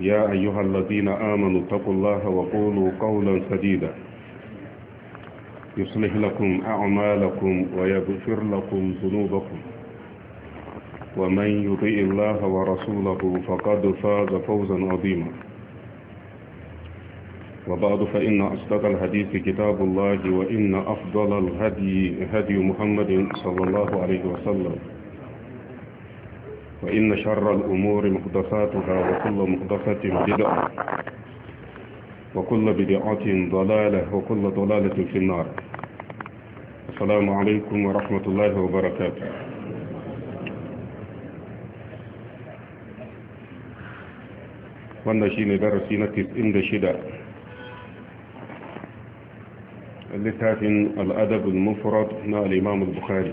يا أيها الذين آمنوا اتقوا الله وقولوا قولا سديدا يصلح لكم أعمالكم ويغفر لكم ذنوبكم ومن يطيء الله ورسوله فقد فاز فوزا عظيما وبعد فإن أصدق الحديث كتاب الله وإن أفضل الهدي هدي محمد صلى الله عليه وسلم وإن شر الأمور محدثاتها وكل محدثة بدعة وكل بدعة ضلالة وكل ضلالة في النار السلام عليكم ورحمة الله وبركاته wannan shi ne darasi na 96 littafin al'adab al-mufrad na al-imam al-bukhari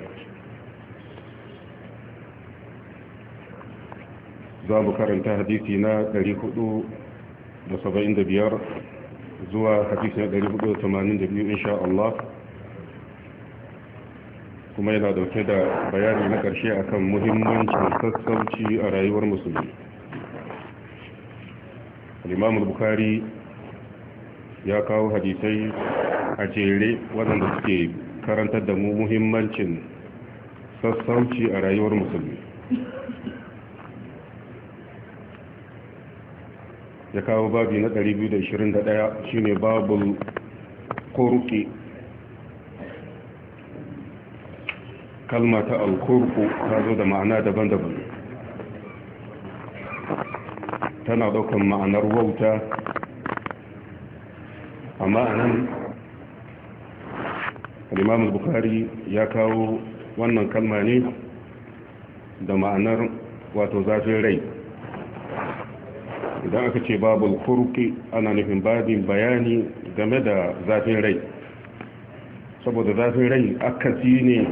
za mu karanta hadisi na 475 zuwa hadisi na 482 insha Allah kuma yana dauke da bayani na karshe akan muhimmancin sassauci a rayuwar musulmi al bukhari ya kawo hadisai a jere waɗanda suke karantar da mu muhimmancin sassauci a rayuwar musulmi ya kawo babi na 221 shine babul kurki kalma ta alkurku ta zo da ma'ana daban-daban tana daukan ma'anar wauta amma a nan alimamus bukari ya kawo wannan kalma ne da ma'anar wato zafin rai idan aka ce babu furqi ana nufin babin bayani game da zafin rai saboda zafin rai akasi ne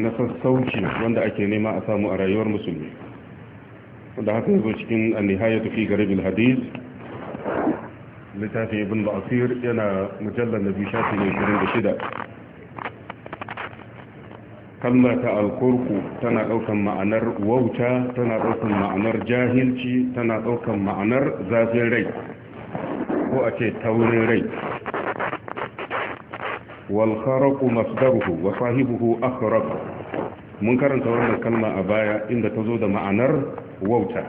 na sassauci wanda ake nema a samu a rayuwar musulmi wanda haka zo cikin an-nihayatu fi garibil hadith littafin ibn al yana mujallar nabi shafi ne 26 kalma ta alkurku tana ɗaukan ma'anar wauta tana ɗaukan ma'anar jahilci tana ɗaukan ma'anar zafin rai ko a ce taurin rai walharaku masdaruhu wa sahibuhu akhraku mun karanta wannan kalma a baya inda ta zo da ma'anar wauta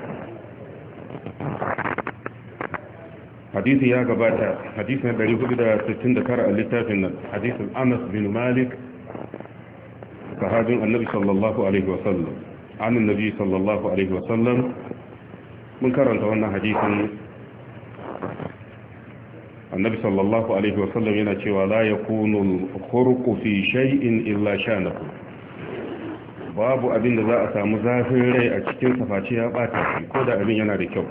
hadisi ya gabata hadisi na 469 a littafin nan hadisin anas bin malik sahabin annabi sallallahu alaihi wasallam an annabi sallallahu alaihi wasallam mun karanta wannan hadisin annabi sallallahu alaihi wasallam yana cewa la yakunu khurqu fi shay'in illa shanahu babu abin da za a samu zafin rai a cikin safaci ya bata shi ko da abin yana da kyau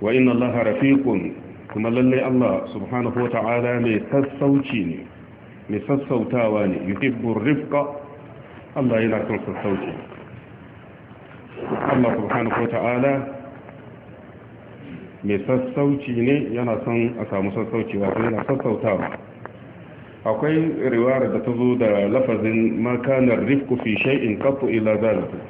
wa inna allaha rafiqun kuma lallai Allah subhanahu wata'ala mai sassauci ne mai sassautawa ne yuhibbu rifqa Allah yana son sassauci Allah subhanahu ta'ala mai sassauci ne yana son a samu sassauci wato yana sassautawa akwai riwayar da ta zo da lafazin makanar rifku fi shay'in qattu ila zalika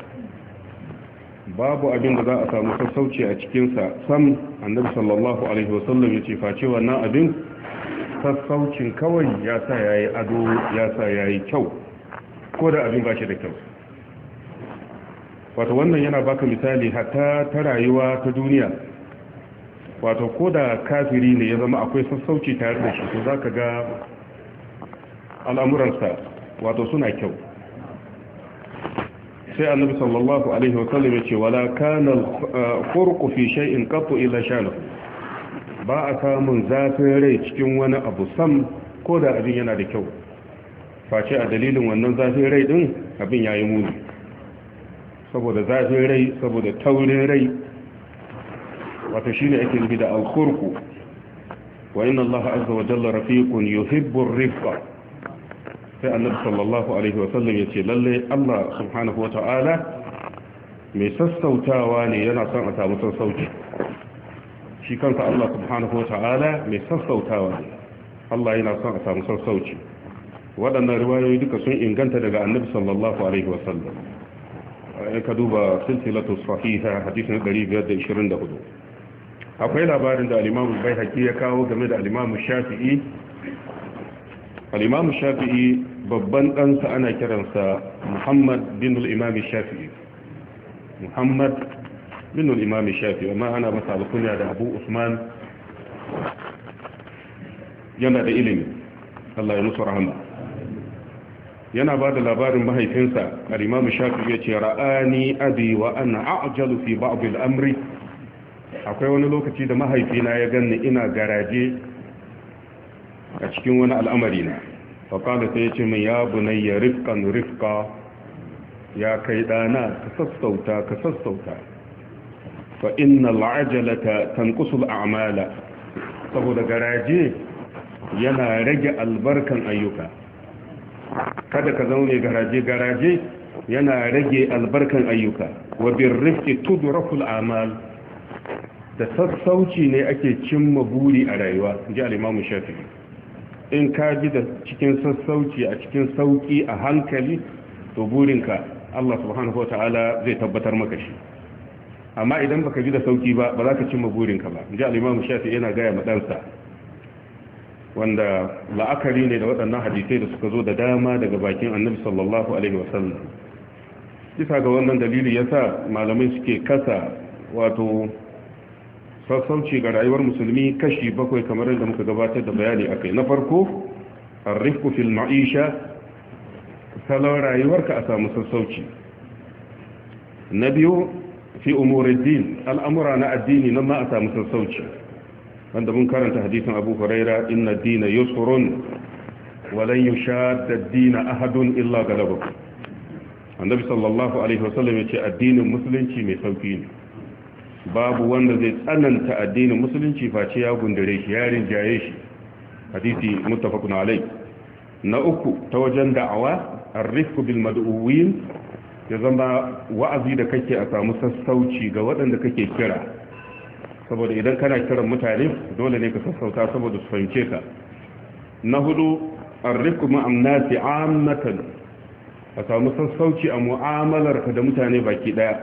babu abin da za a samu sassauci a cikinsa sam annabi sallallahu alaihi wasallam ya ce face wannan abin sassaucin kawai ya sa ya yi ado ya sa ya yi kyau ko da abin ba shi da kyau wato wannan yana baka misali hatta ta rayuwa ta duniya wato ko da kafiri ne ya zama akwai sassauci tare da shi to za ka ga al'amuransa wato suna kyau sai annabi sallallahu alaihi wasallam ya ce wala kana al-khurqu eh, fi shay'in qattu illa shanu. ba a samun zafin rai cikin wani abu sam ko da abin yana da kyau face a dalilin wannan zafin rai din abin ya yi muni saboda zafin rai saboda taurin rai wata shi ne ake nufi da alkurku wa inna allaha azza wa jalla rafiqun yuhibbu rifqa sai annabi sallallahu alaihi wa sallam yace lalle Allah subhanahu wa ta'ala mai sassautawa ne yana son a samu sassauci shi kansa Allah subhanahu wa ta'ala mai sassautawa Allah yana son a samu sassauci waɗannan riwayoyi duka sun inganta daga annabi sallallahu alaihi wa sallam ai ka duba silsilatu sahiha hadisin 524 akwai labarin da al-Imam ya kawo game da al-Imam Shafi'i al-Imam Shafi'i babban ɗansa ana kiransa Muhammad bin al-Imam Shafi'i Muhammad binul imam shafi amma ana masa alkunya da abu usman yana da ilimi Allah ya musu rahama yana ba da labarin mahaifinsa al-imam shafi ya ce ra'ani abi wa ana a'jalu fi ba'd al-amri akwai wani lokaci da mahaifina ya ganni ina garaje a cikin wani al'amari na faƙada sai ce min ya bunayya rifkan rifka ya kai ɗana ka sassauta ka sassauta fa innal ajalata tanqusul a'mala saboda garaje yana rage albarkan ayyuka kada ka zaune garaje garaje yana rage albarkan ayyuka wa birrifti tudrakul amal da sassauci ne ake cimma buri a rayuwa ji al-imamu shafi in ka ji da cikin sassauci a cikin sauki a hankali to burinka Allah subhanahu wa ta'ala zai tabbatar maka shi amma idan baka ji da sauki ba ba za ka cimma burinka ba in ji al'imamu shafi yana gaya ma ɗansa wanda la'akari ne da waɗannan hadisai da suka zo da dama daga bakin annabi sallallahu alaihi wasallam kisa ga wannan dalili yasa malamai suke kasa wato sassauci ga rayuwar musulmi kashi bakwai kamar yadda muka gabatar da bayani akai na farko arrifku fil ma'isha salon rayuwarka a samu sassauci na biyu fi umurin din al'amura na addini nan ma a samu sassauci wanda mun karanta hadisin abu huraira inna dina yusurun walan yusha dina ahadun illa galaba annabi sallallahu alaihi wasallam ya ce addinin musulunci mai sauki ne babu wanda zai tsananta addinin musulunci face ya gundare shi ya shi hadisi muttafaqun alai na uku ta wajen da'awa arrifku bil mad'uwin ya zama wa'azi da kake a samu sassauci ga waɗanda kake kira saboda idan kana kiran mutane dole ne ka sassauta saboda su fahimce ka na hudu arriku ma'am nasi a samu sassauci a mu'amalar ka da mutane baki ɗaya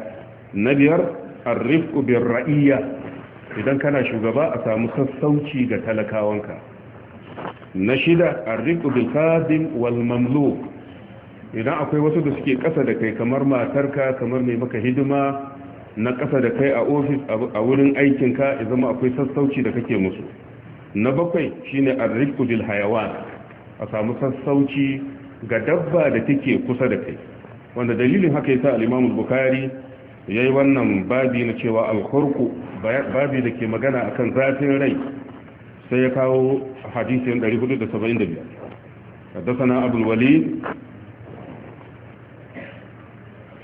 na biyar arriku bin ra'iyya idan kana shugaba a samu sassauci ga talakawanka na shida arriku bin kadim wal mamluk idan akwai wasu da suke kasa da kai kamar matarka kamar mai maka hidima na kasa da kai a ofis a wurin aikinka ya zama akwai sassauci da kake musu na bakwai shine arrifku bil hayawan a samu sassauci ga dabba da take kusa da kai wanda dalilin haka yasa al-Imam al-Bukhari yayi wannan babi na cewa al-khurqu babi da ke magana akan zafin rai sai ya kawo hadisi 475 حدثنا أبو الوليد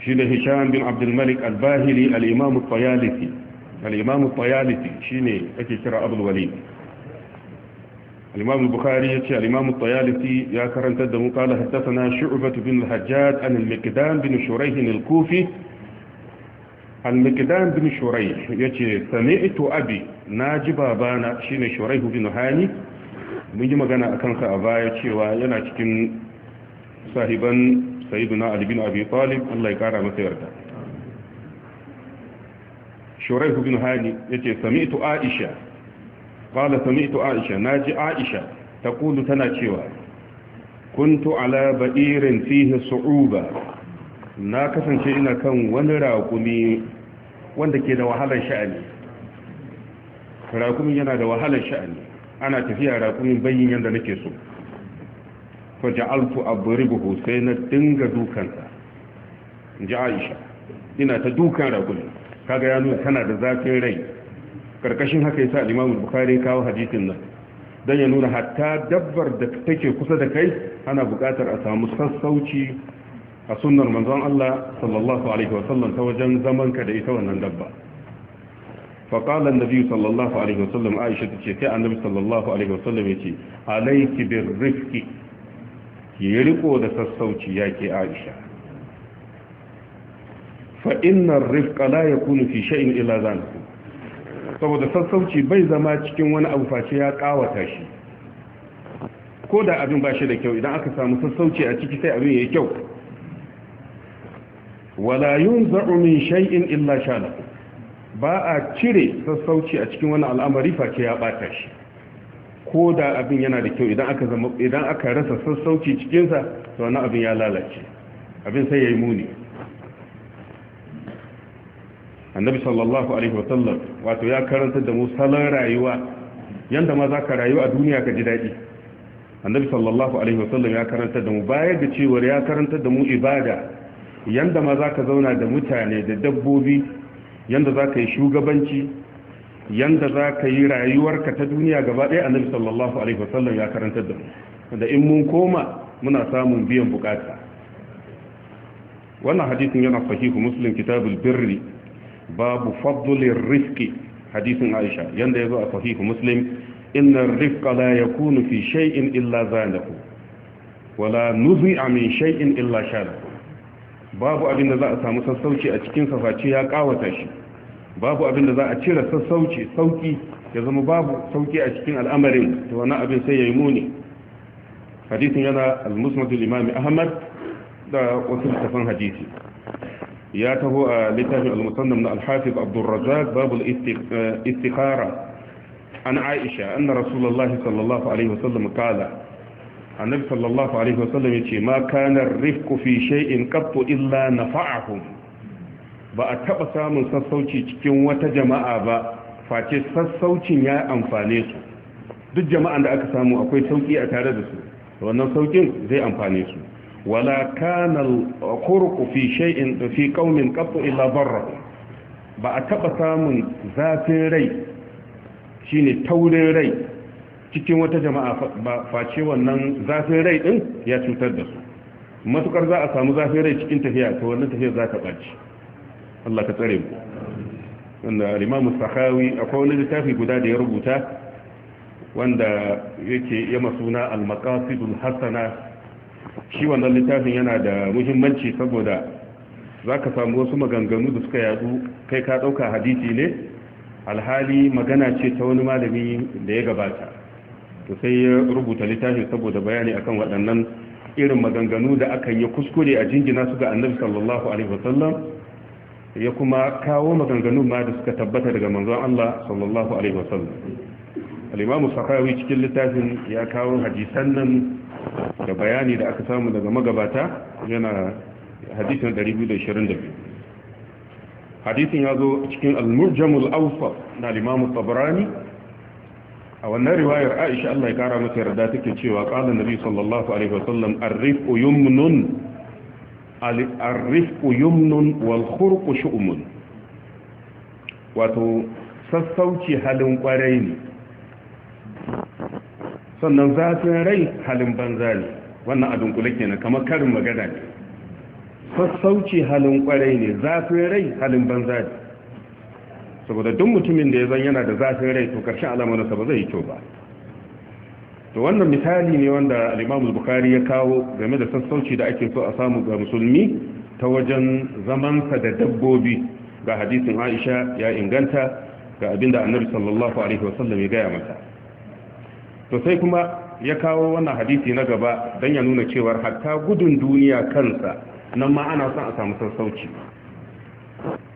shi ne hisham bin abdulmalik albahili al'imamu tsayalisi al'imamu tsayalisi shi ne ake kira abulwali al'imamu bukari ya ce al'imamu tsayalisi ya karantar da mukala haddasa na shu'ubatu bin hajjad an al-mikidan bin shuraihin al-kufi al-mikidan bin shuraih ya ce sami'tu abi na ji babana shi ne shuraihu bin hani mun yi magana a kansa a baya cewa yana cikin sahiban sayyiduna ali bin abi talib Allah ya kara masa yarda shuraihu bin hani yace sami'tu aisha qala sami'tu aisha naji aisha taqulu tana cewa kuntu ala ba'irin fihi su'uba na kasance ina kan wani raƙumi wanda ke da wahalar sha'ani raƙumin yana da wahalar sha'ani ana tafiya raƙumin bayyin yadda nake so fa ja'altu abribuhu sai na dinga dukansa in ji Aisha ina ta dukan ragon kaga ya nuna tana da zafin rai karkashin haka yasa al-Imam Bukhari kawo hadisin nan dan ya nuna hatta dabbar da take kusa da kai ana buƙatar a samu sassauci a sunnar manzon Allah sallallahu alaihi wasallam ta wajen zaman ka da ita wannan dabba fa qala an sallallahu alaihi wasallam Aisha tace sai annabi sallallahu alaihi wasallam yace alayki birrifqi yi riko da sassauci ya ke aisha fa'innar rifka la ya kunu fi sha'in ila zanaku saboda sassauci bai zama cikin wani abu face ya kawata shi ko da abin ba shi da kyau idan aka samu sassauci a ciki sai abin ya yi kyau wala yun min sha’in illa sha’in ba a cire sassauci a cikin wani al'amari face ya bata shi ko da abin yana da kyau idan aka zama idan aka rasa sassauci cikinsa to wannan abin ya lalace abin sai ya yi muni annabi sallallahu alaihi wasallam wato ya karanta da mu salon rayuwa yanda ma za ka rayu a duniya ka ji daɗi annabi sallallahu alaihi wasallam ya karanta da mu baya ga cewar ya karanta da mu ibada yanda ma za ka zauna da mutane da dabbobi yanda za ka yi shugabanci yanda za ka yi rayuwarka ta duniya gaba ɗaya a annabi sallallahu alaihi wasallam ya karantar da mu da in mun koma muna samun biyan bukata wannan hadisin yana sahihu muslim kitabul birri babu fadlir rifqi hadisin aisha yanda yazo a sahihu muslim inna rifqa la yakunu fi shay'in illa zanahu wala nuzi'a min shay'in illa shanahu babu abin da za a samu sassauci a cikin safaci ya kawata shi babu abin da za a cire sassauci sauki ya zama babu sauki a cikin al'amarin to wannan abin sai ya yi muni hadisin yana al-musnadul imami ahmad da wasu littafan hadisi ya taho a littafin al-musannam na al-hafiz abdurrazzaq babul eh, istikhara an aisha anna rasulullah sallallahu alaihi wasallam qala annabi sallallahu alaihi wasallam yace ma kana rifqu fi shay'in qattu illa nafa'ahum ba a taɓa samun sassauci cikin wata jama'a ba face sassaucin ya amfane su duk jama'an da aka samu akwai sauƙi a tare da su wannan sauƙin zai amfane su wala kana al-khurqu fi shay'in fi qaumin qatu illa barra ba a taɓa samun zafin rai shine taurin rai cikin wata jama'a ba face wannan zafin rai din ya cutar da su matukar za a samu zafin rai cikin tafiya to wannan tafiya za ta ɓaci Allah ka tsare mu wanda Imam Sakhawi akwai wani littafi guda da ya rubuta wanda yake ya masuna al-maqasidul hasana shi wannan littafin yana da muhimmanci saboda zaka samu wasu maganganu da suka yadu kai ka dauka hadisi ne alhali magana ce ta wani malami da ya gabata to sai ya rubuta littafi saboda bayani akan waɗannan irin maganganu da akan yi kuskure a jingina su ga annabi sallallahu alaihi wasallam ya kuma kawo maganganu ma da suka tabbata daga manzon Allah sallallahu alaihi wasallam al-imam sakawi cikin littafin ya kawo hadisan nan da bayani da aka samu daga magabata yana hadisin 222 hadisin ya zo cikin al-murjamul awsat na al-imam tabrani a wannan riwayar Aisha Allah ya kara mata yarda take cewa qala nabi sallallahu alaihi wasallam ar-rif'u yumnun arrifku yumnun wal khurqu shu'mun wato sassauci halin kwarai ne sannan zafin rai halin banza ne wannan a dunkule kenan kamar karin magana ne sassauci halin kwarai ne zafin rai halin banza ne saboda duk mutumin da ya zan yana da zafin rai to karshen sa ba zai yi kyau ba to wannan misali ne wanda al bukhari ya kawo game da sassauci da ake so a samu ga musulmi ta wajen zamansa da dabbobi ga hadisin Aisha ya inganta ga abinda Annabi sallallahu alaihi wasallam ya gaya mata to sai kuma ya kawo wannan hadisi na gaba don ya nuna cewa hatta gudun duniya kansa nan ma ana son a samu sassauci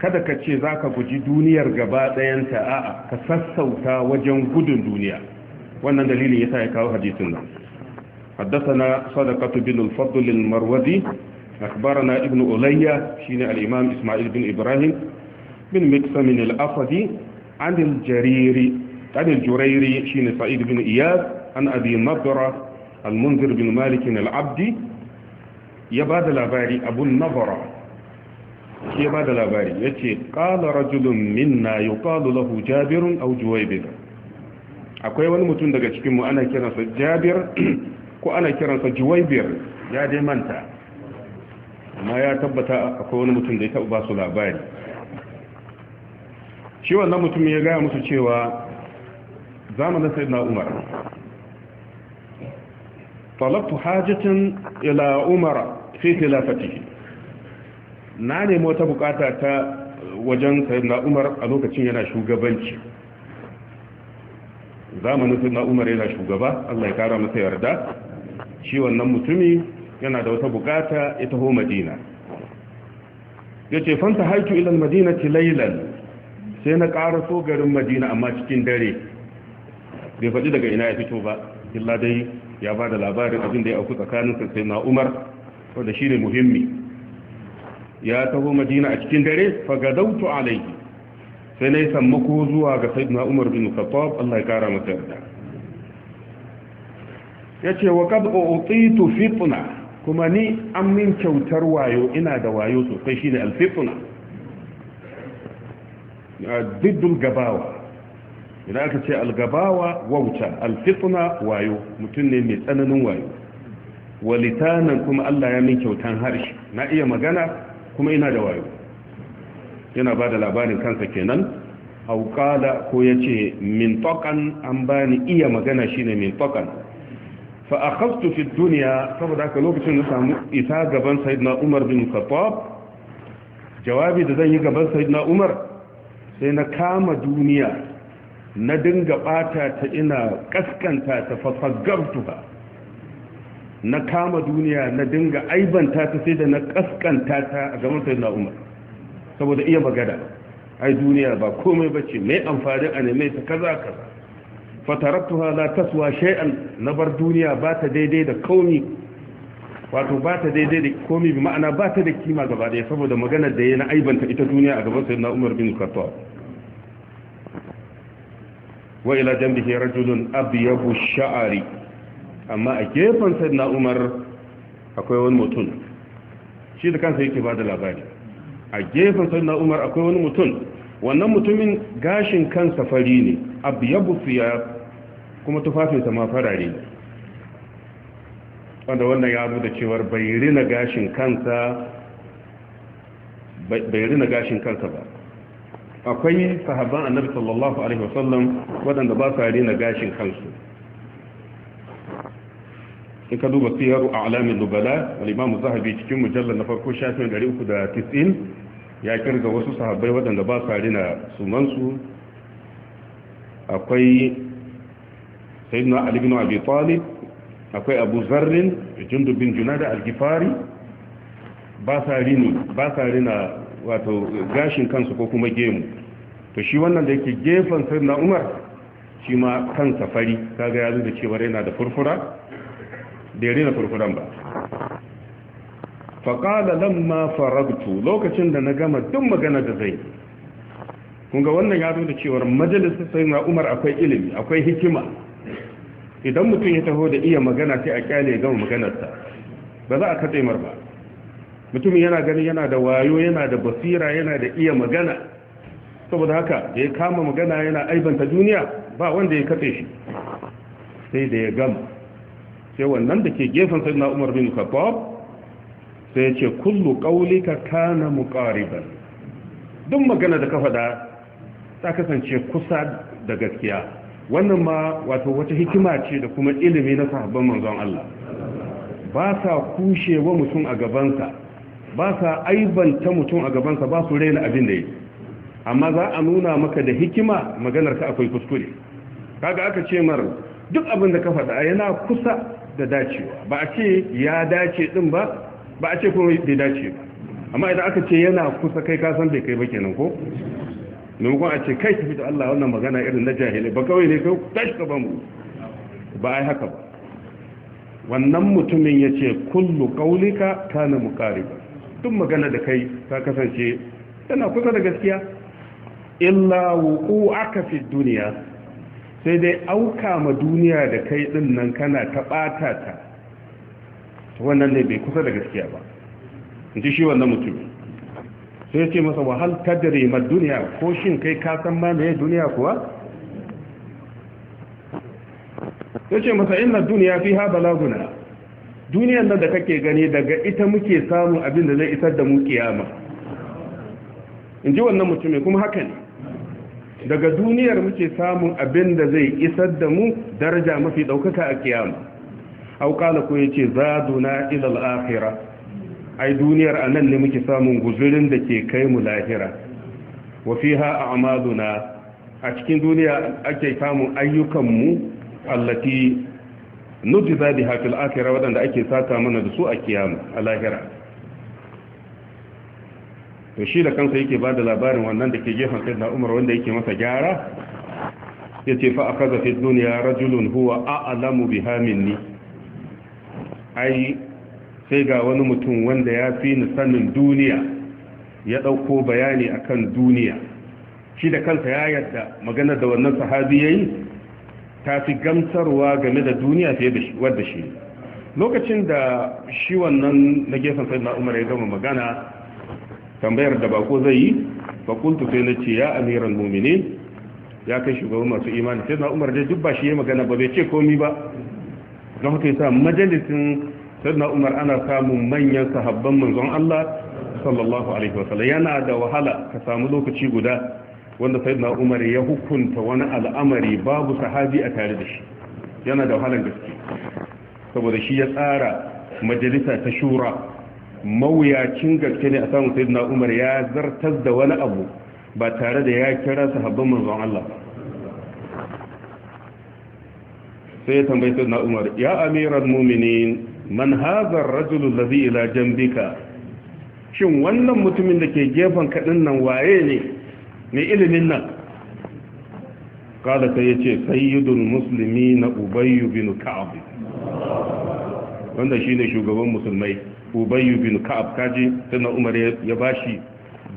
kada ka ce za ka guji duniyar gaba ɗayanta a'a ka sassauta wajen gudun duniya وانا دليل yasa ya kawo حدثنا صدقة بن الفضل المروزي أخبرنا ابن أولية شين الإمام إسماعيل بن إبراهيم بن مكسم الأفدي عن الجريري عن الجريري شين سعيد بن إياد عن أبي نضرة المنذر بن مالك العبدي يباد الأباري أبو النضرة shi ba da labari ya ce ƙala rajulun minna ya ƙalu lahu jabirun au juwaibir akwai wani mutum daga cikinmu ana kiransa jabir ko ana kiransa juwaibir ya dai manta amma ya tabbata akwai wani mutum da ya taɓa ba su labari shi wannan mutum ya gaya musu cewa zamanin sai na umar talabtu hajjatin ila umar fi khilafati na nemi wata bukata ta wajen sayyidina umar a lokacin yana shugabanci zamanin suna umar yana shugaba allah ya kara masa yarda shi wannan mutumi yana da wata bukata ya taho madina ya ce fanta haitu ilan madina lailan. sai na kara so garin madina amma cikin dare bai faɗi daga ina ya fito ba illa dai ya ba da labarin abin da ya auku tsakanin sai na umar wanda shi ne muhimmi ya taho madina a cikin dare fagadautu alaihi sai na yi sammako zuwa ga sayyidina umar bin khattab Allah ya kara masa yarda ce wa qad utitu fitna kuma ni an min kyautar wayo ina da wayo sosai shi ne fitna diddul gabawa idan aka ce algabawa wauta al wayo mutum ne mai tsananin wayo walitanan kuma Allah ya min kyautan harshe na iya magana kuma ina da wayo yana ba da labarin kansa kenan auƙala ko ya ce mintokan an ba ni iya magana shine mintokan fa a kaftu fi duniya saboda haka lokacin da samu isa gaban na umar bin khattab jawabi da zan yi gaban na umar sai na kama duniya na dinga bata ta ina kaskanta ta fasagartuha na kama duniya na dinga aibanta ta sai da na kaskanta ta a gaban na umar saboda iya magana ai duniya ba komai bace mai amfani a neme ta kaza kaza fataraktuha la taswa shay'an na bar duniya ba ta daidai da kauni wato ba ta daidai da komi bi ma'ana ba ta da kima gaba daya saboda maganar da ya na aibanta ita duniya a gaban sayyidina Umar bin Khattab wa ila jambihi rajulun abyabu sha'ari amma a gefen sayyidina Umar akwai wani mutum shi da kansa yake bada labari a gefen sayyidina umar akwai wani mutum wannan mutumin gashin kansa fari ne ya siya kuma tufafinsa ma farare wanda wannan ya da cewar bai rina gashin kansa ba akwai sahabban annabi sallallahu alaihi wasallam waɗanda ba sa rina gashin kansu in ka duba siyar a alamin nubala mu zahabi cikin mujallar na farko shafin 390 ya kirga wasu sahabbai waɗanda ba sa rina sumansu akwai sayyidina ali bin abi talib akwai abu zarrin jundub bin junada al-gifari ba sa rini ba sa rina wato gashin kansu ko kuma gemu to shi wannan da yake gefen sayyidina umar shi ma kansa fari kaga ya da cewa yana da furfura da ya rina furfuran ba faƙala lamma faragtu lokacin da na gama duk magana da zai kunga wannan ya zo da cewar majalisar na umar akwai ilimi akwai hikima idan mutum ya taho da iya magana sai a kyale ya gama maganarsa ba za a katse mar ba mutum yana gani yana da wayo yana da basira yana da iya magana saboda haka da ya kama magana yana aibanta duniya ba wanda ya katse shi sai da ya gama sai wannan da ke gefen na umar bin khattab sai ya ce kullu qaulika kana muqariban duk magana da ka faɗa ta kasance kusa da gaskiya wannan ma wato wata hikima ce da kuma ilimi na sahabban manzon Allah ba sa kushewa mutum a gabansa ba sa aibanta mutum a gabansa ba su raina abin da yi amma za a nuna maka da hikima maganar ka akwai kuskure kaga aka ce mar duk abin da ka faɗa yana kusa da dacewa ba a ce ya dace din ba ba a ce kuma bai dace ba amma idan aka ce yana kusa kai kasan bai kai ba kenan ko maimakon a ce kai ki fita Allah wannan magana irin na jahilai ba kawai ne kai tashi ka bamu ba ai haka ba wannan mutumin ya ce kullu kaulika kana muqariba duk magana da kai ka kasance tana kusa da gaskiya illa aka fi duniya sai dai auka ma duniya da kai din kana ta bata ta wannan ne bai kusa da gaskiya ba in ji shi wannan mutum sai ce masa wahal tadri ma duniya ko shin kai ka san ma me duniya kuwa sai ce masa inna duniya fiha balaguna duniyan nan da kake gani daga ita muke samun abin da zai isar da mu kiyama in ji wannan mutum kuma haka ne daga duniyar muke samun abin da zai isar da mu daraja mafi ɗaukaka a kiyama au kala ko yace zaduna ila al-akhirah ai duniyar anan ne muke samun guzurin da ke kai mu lahira wa fiha a'maluna a cikin duniya ake samun ayyukan mu allati nujza biha fil akhirah wadanda ake saka mana da su a kiyama a lahira to shi da kansa yake bada labarin wannan da ke gefen sayyidina Umar wanda yake masa gyara yace fa akaza fi dunya rajulun huwa a'lamu biha minni ai sai ga wani mutum wanda ya fi ni sanin duniya ya ɗauko bayani akan duniya shi da kansa ya yarda magana da wannan sahabi ya yi ta fi gamsarwa game da duniya fiye da wadda shi lokacin da shi wannan na gefen sai na umar ya gama magana tambayar da bako zai yi fakultu sai na ce ya amiran mumini ya kai shugaban masu imani sai na umar da duk ba shi ya magana ba bai ce komi ba don haka yasa majalisin sayyidina Umar ana samun manyan sahabban manzon Allah sallallahu alaihi wasallam yana da wahala ka samu lokaci guda wanda sayyidina Umar ya hukunta wani al'amari babu sahabi a tare da shi yana da wahalan gaske saboda shi ya tsara majalisa ta shura mawuyacin gaske ne a samun sayyidina Umar ya zartar da wani abu ba tare da ya kira sahabban manzon Allah ba sai ya tambayi sai na umar ya amiran muminin man hazar rajulu lazi ila jambika shin wannan mutumin da ke gefen kaɗin nan waye ne mai ilimin nan kada sai ya ce sayyidul musulmi na ubayyu bin ka'ab wanda shine shugaban musulmai ubayyu bin ka'ab kaji sai na umar ya bashi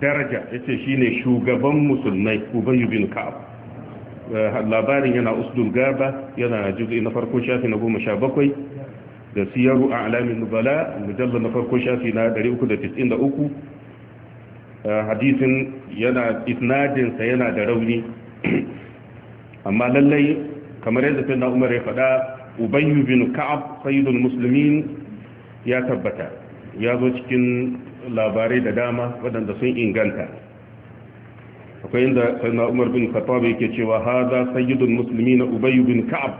daraja ya yace shine shugaban musulmai ubayyu bin ka'ab Eh, labarin yana usdul gaba yana juz'i na farko shafi na goma sha bakwai da siyaru a alamin nubala mujalla na farko shafi na 393 eh, hadisin yana isnadinsa yana da rauni amma lallai kamar yadda fi na umar ya faɗa ubayu bin ka'ab sayidun musulmin ya tabbata ya zo cikin labarai da dama waɗanda sun inganta akwai inda sayyidina Umar bin Khattab yake cewa hada sayyidul muslimin Ubay bin Ka'ab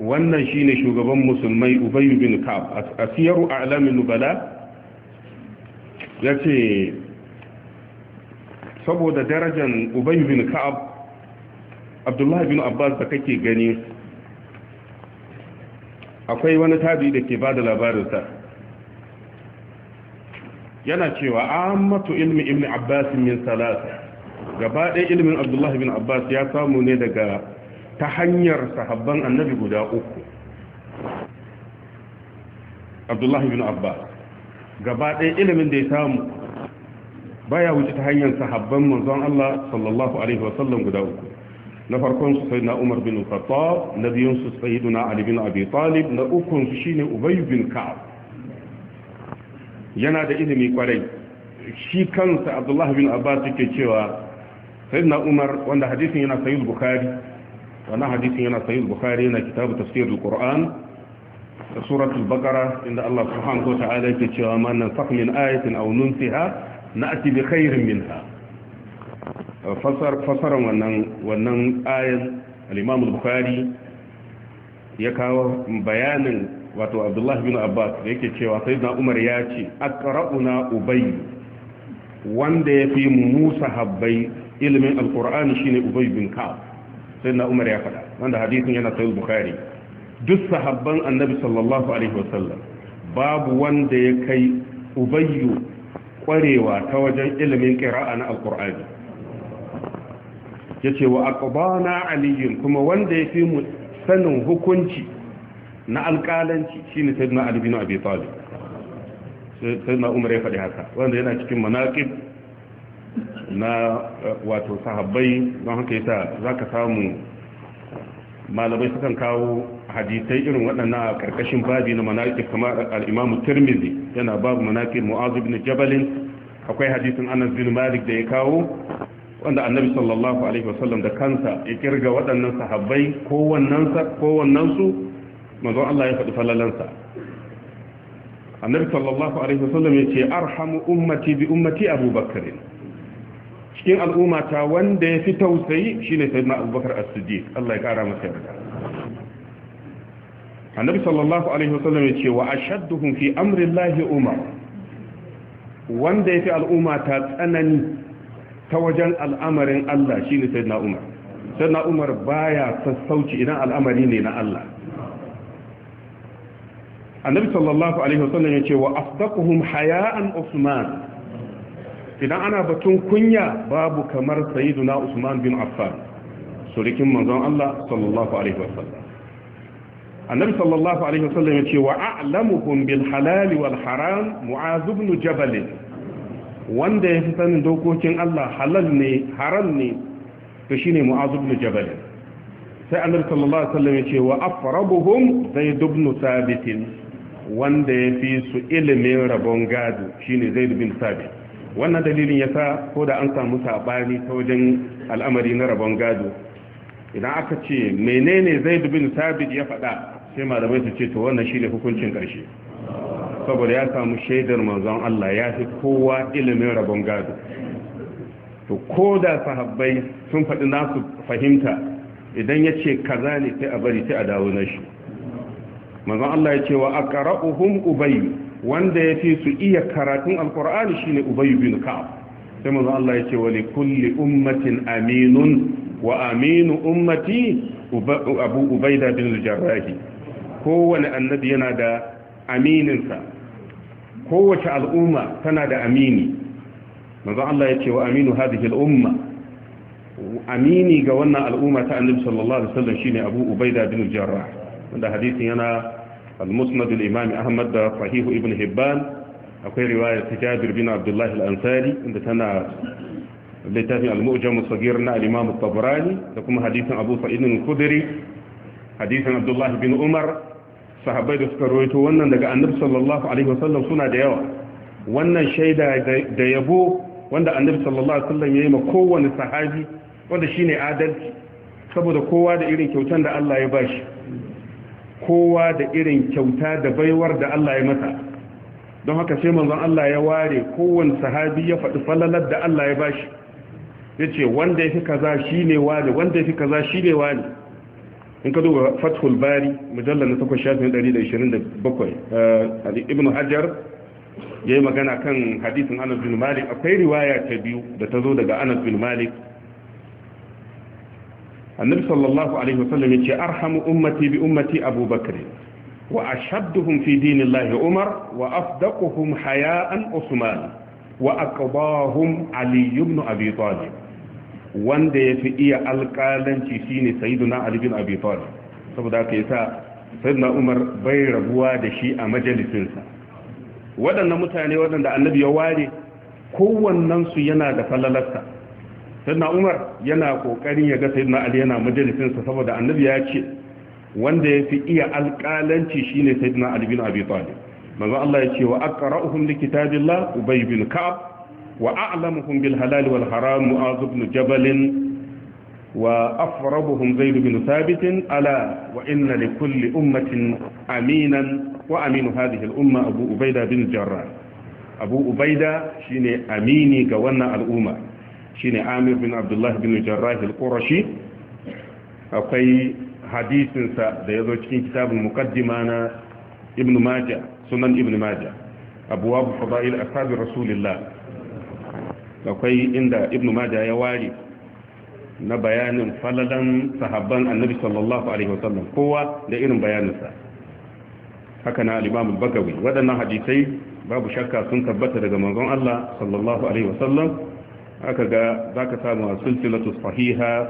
wannan shine shugaban musulmai Ubay bin Ka'ab asiyaru a'lamin nubala yace saboda darajar Ubay bin Ka'ab Abdullahi bin Abbas da kake gani akwai wani tabi da ke bada labarinsa yana cewa ammatu ilmi ibn abbas min salasa gaba ɗaya ilimin abdullahi bin abbas ya samu ne daga ta hanyar sahabban annabi guda uku abdullahi bin abbas gaba ɗaya ilimin da ya samu baya wuce ta hanyar sahabban manzon Allah sallallahu alaihi wasallam guda uku na farkon su sai na umar bin khattab na biyun su sayyiduna ali bin abi talib na ukun su shine ubay bin ka'ab yana da ilimi kwarai shi kansa abdullahi bin abbas yake cewa sayyidina umar wanda hadisin yana sahih bukhari wannan hadisin yana sahih bukhari yana kitabu tafsir al-qur'an da surat al-baqara inda Allah subhanahu wata'ala yake cewa man nasakh min ayatin aw nunsiha na'ti bi khairin minha fasar fasaran wannan wannan ayan bukhari ya kawo bayanin wato abdullahi bin abbas da yake cewa sai umar ya ce akara'una ubai wanda ya fi musa ilimin alkur'ani shine ubay bin ka'ab sai na umar ya faɗa wanda hadisin yana sahih bukhari duk sahabban annabi sallallahu alaihi wasallam babu wanda ya kai ubayyu kwarewa ta wajen ilimin qira'a na alkur'ani ya ce wa aqbana aliyun kuma wanda ya fi mu sanin hukunci na alƙalanci ne sayyidina na albino abi talib na umar ya faɗi haka wanda yana cikin manaqib na wato sahabbai don haka yasa za ka samu malamai sukan kawo hadisai irin waɗannan a ƙarƙashin babi na manaƙi kamar al'imamu tirmizi yana babu manaƙi mu'azu bin jabalin akwai hadisin anas bin malik da ya kawo wanda annabi sallallahu alaihi wasallam da kansa ya kirga waɗannan sahabbai kowannensu mazan Allah ya faɗi falalansa annabi sallallahu alaihi wasallam ya ce arhamu ummati bi ummati abubakarin cikin al'ummata wanda ya fi tausayi shine sayyidina abubakar as-siddiq Allah ya kara masa yarda annabi sallallahu alaihi wasallam ya ce wa ashadduhum fi amri llahi umar wanda ya fi al'ummata tsanani ta wajen al'amarin Allah shine sayyidina umar sayyidina umar baya sassauci idan al'amari ne na Allah annabi sallallahu alaihi wasallam ya ce wa afdaquhum haya'an usman idan ana batun kunya babu kamar sayyiduna usman bin affan surikin manzon Allah sallallahu alaihi wasallam annabi sallallahu alaihi wasallam ya ce wa a'lamukum bil halal wal haram mu'az ibn jabal wanda ya fi sanin dokokin Allah halal ne haram ne to shine mu'az ibn jabal sai annabi sallallahu alaihi wasallam ya ce wa afrabuhum zaid ibn thabit wanda ya fi su ilimin rabon gado shine zaid bin thabit wannan dalilin ya sa ko da an samu saɓani ta wajen al'amari na rabon gado idan aka ce menene zai ni sabit ya faɗa sai malamai su ce to wannan shi ne hukuncin ƙarshe saboda ya samu shaidar manzon Allah ya fi kowa ilimin rabon gado to ko da sahabbai sun faɗi nasu fahimta idan ya ce kaza ne sai a bari sai a dawo na shi manzon Allah ya ce wa aqra'uhum ubayy wanda ya ce su iya karatun alkur'ani shine Ubayu bin ka'ab sai manzo Allah ya ce wa li kulli ummatin aminun wa aminu ummati abu ubaida bin jarrah kowane annabi yana da amininsa kowace al'umma tana da amini manzo Allah ya ce wa aminu hadhihi al'umma amini ga wannan al'umma ta annabi sallallahu alaihi wasallam shine abu ubaida bin jarrah wanda hadisin yana al-musnad ahmad da sahih ibn hibban akwai riwaya ta jabir bin abdullah al inda tana littafin al-mu'jam saghir na al-imam da kuma hadisin abu sa'id al-khudri hadisin bin umar sahabbai da suka rawaito wannan daga annabi sallallahu alaihi wasallam suna da yawa wannan shaida da yabo wanda annabi sallallahu alaihi yayi ma kowanne sahabi wanda ne adalci saboda kowa da irin kyautan da Allah ya bashi kowa da irin kyauta da baiwar da Allah ya masa don haka sai manzon Allah ya ware kowane sahabi ya faɗi falalar da Allah ya bashi yace wanda fi kaza shine wani wanda fi kaza shine wani in ka duba fathul bari mujallar na 8 shafin 127 ibn hajar yayi magana kan hadisin Anas bin Malik akwai riwaya ta biyu da ta zo daga Anas bin Malik annabi sallallahu alaihi wasallam yace arhamu ummati bi ummati abubakar wa ashadduhum fi dinillahi umar wa afdaquhum haya'an usman wa aqdahum ali ibn abi talib wanda yafi iya alƙalanci shine sayyiduna ali ibn abi talib saboda haka yasa sayyidina umar bai rabuwa da shi a majalisinsa waɗannan mutane waɗanda annabi ya ware kowannensu yana da falalarsa sayyidina umar yana kokarin ya ga sayyidina ali yana majalisinsa saboda annabi ya ce wanda ya fi iya alƙalanci shine sayyidina ali bin abi talib manzo Allah ya ce wa aqra'uhum li kitabillah ubay bin ka'b wa a'lamuhum bil halal wal haram mu'az ibn jabal wa afrabuhum zayd bin thabit ala wa inna li kulli ummatin aminan wa aminu hadhihi al umma abu ubayda bin jarrah abu ubaida shine amini ga wannan al'umma shine amir bin Abdullahi bin jarrahi al-qurashi akwai hadisinsa da ya zo cikin kitabin muqaddima na ibn majah sunan ibn majah abwab fadail ashab rasulillah akwai inda ibn majah ya ware na bayanin falalan sahabban annabi sallallahu alaihi wasallam kowa da irin bayaninsa haka na al-imam al-bagawi wadannan hadisai babu shakka sun tabbata daga manzon Allah sallallahu alaihi wasallam aka ga za ka samu a silsilatu sahiha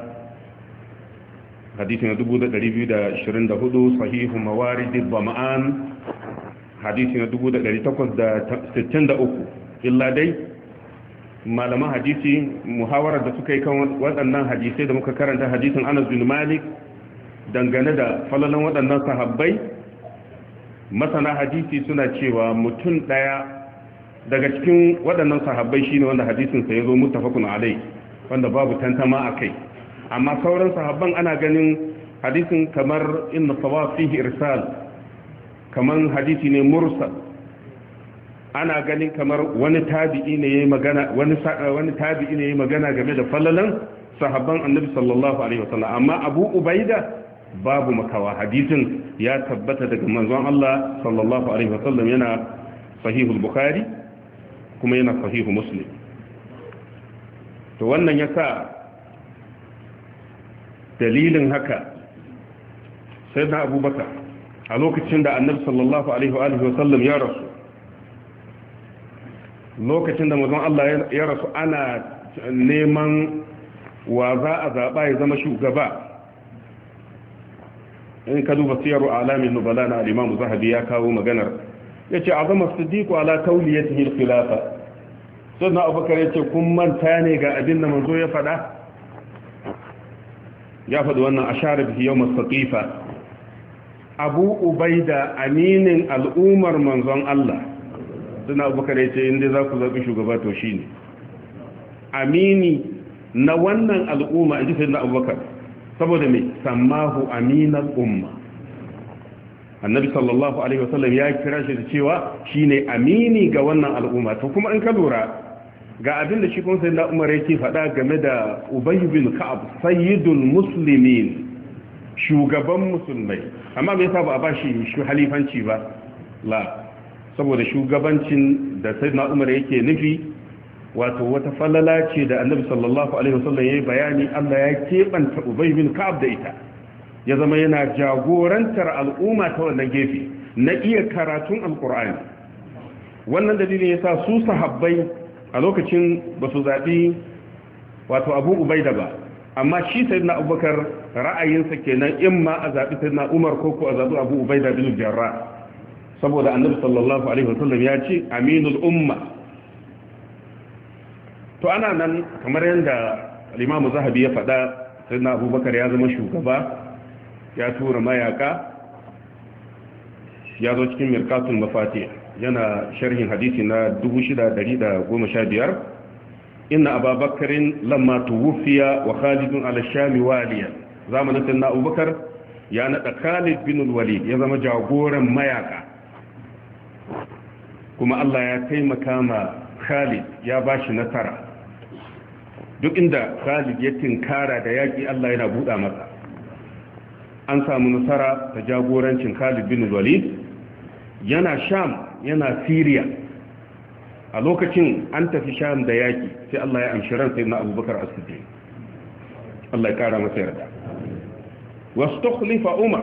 hadisi na 2224 sahihu mawaridin ma'an hadisi na uku. illa dai malaman hadisi muhawarar da suka yi kan waɗannan hadisai da muka karanta hadisin anas bin malik dangane da falalan waɗannan sahabbai masana hadisi suna cewa mutum ɗaya daga cikin waɗannan sahabbai shine wanda hadisin sa yazo muttafaqun alai wanda babu tantama a kai amma sauran sahabban ana ganin hadisin kamar inna sawa fihi irsal kaman hadisi ne mursal ana ganin kamar wani tabi'i ne yayi magana wani wani tabi'i ne yayi magana game da fallalan sahabban annabi sallallahu alaihi wasallam amma abu ubaida babu makawa hadisin ya tabbata daga manzon Allah sallallahu alaihi wasallam yana sahihul bukhari kuma yana sahihu muslim to wannan ya sa dalilin haka sai na abubakar a lokacin da annabi sallallahu alaihi wa sallam ya rasu lokacin da mazan Allah ya rasu ana neman wa za a zaɓa ya zama shugaba in ka duba siyarwa alamin nubala na alimamu zahabi ya kawo maganar yace azama siddiqu ala tawliyatihi al na abokan abubakar ce kun manta ne ga abin da manzo ya faɗa ya faɗi wannan ashara bihi yawm as-saqifa abu da aminin al'umar manzon Allah na abokan ya ce inda za ku zaɓi shugaba to shi ne amini na wannan al'umma a jisai na abubakar saboda mai sammahu aminar umma annabi sallallahu alaihi wasallam ya kira shi da cewa shine amini ga wannan al'umma to kuma in ka lura ga abinda da shi kuma sayyidina Umar yake faɗa game da Ubay bin Ka'ab sayyidul muslimin shugaban musulmai amma me yasa ba a bashi shi halifanci ba la saboda shugabancin da sayyidina Umar yake nufi wato wata falala ce da Annabi sallallahu alaihi wasallam yayi bayani Allah ya kebanta Ubay bin Ka'ab da ita ya zama yana jagorantar al'umma ta wannan gefe na iya karatun alkur'ani wannan dalilin ya sa su sahabbai a lokacin ba su zaɓi wato abu ubaida ba amma shi sai na abubakar ra'ayinsa kenan in ma a zaɓi sai na umar ko a zaɓi abu ubaida bin jarra saboda annabi sallallahu alaihi wasallam ya ce aminul umma to ana nan kamar yadda limamu zahabi ya faɗa sai na abubakar ya zama shugaba ya tura mayaka ya zo cikin mirkatun mafati yana sharhin hadisi na 6115 Ina ababakarin lamma tuwufiya wa khalidun ala waliya zamanin sanna abubakar ya naɗa khalid bin Wali ya zama jagoran mayaka kuma Allah ya taimaka ma khalid ya ba shi nasara duk inda khalid ya tinkara da yaƙi Allah yana buɗa masa an samu nasara ta jagorancin Khalid bin Walid yana Sham yana Syria a lokacin an tafi Sham da yaki sai Allah ya amshi ran sayyidina Abubakar As-Siddiq Allah ya kara masa yarda Wasu wastukhlifa Umar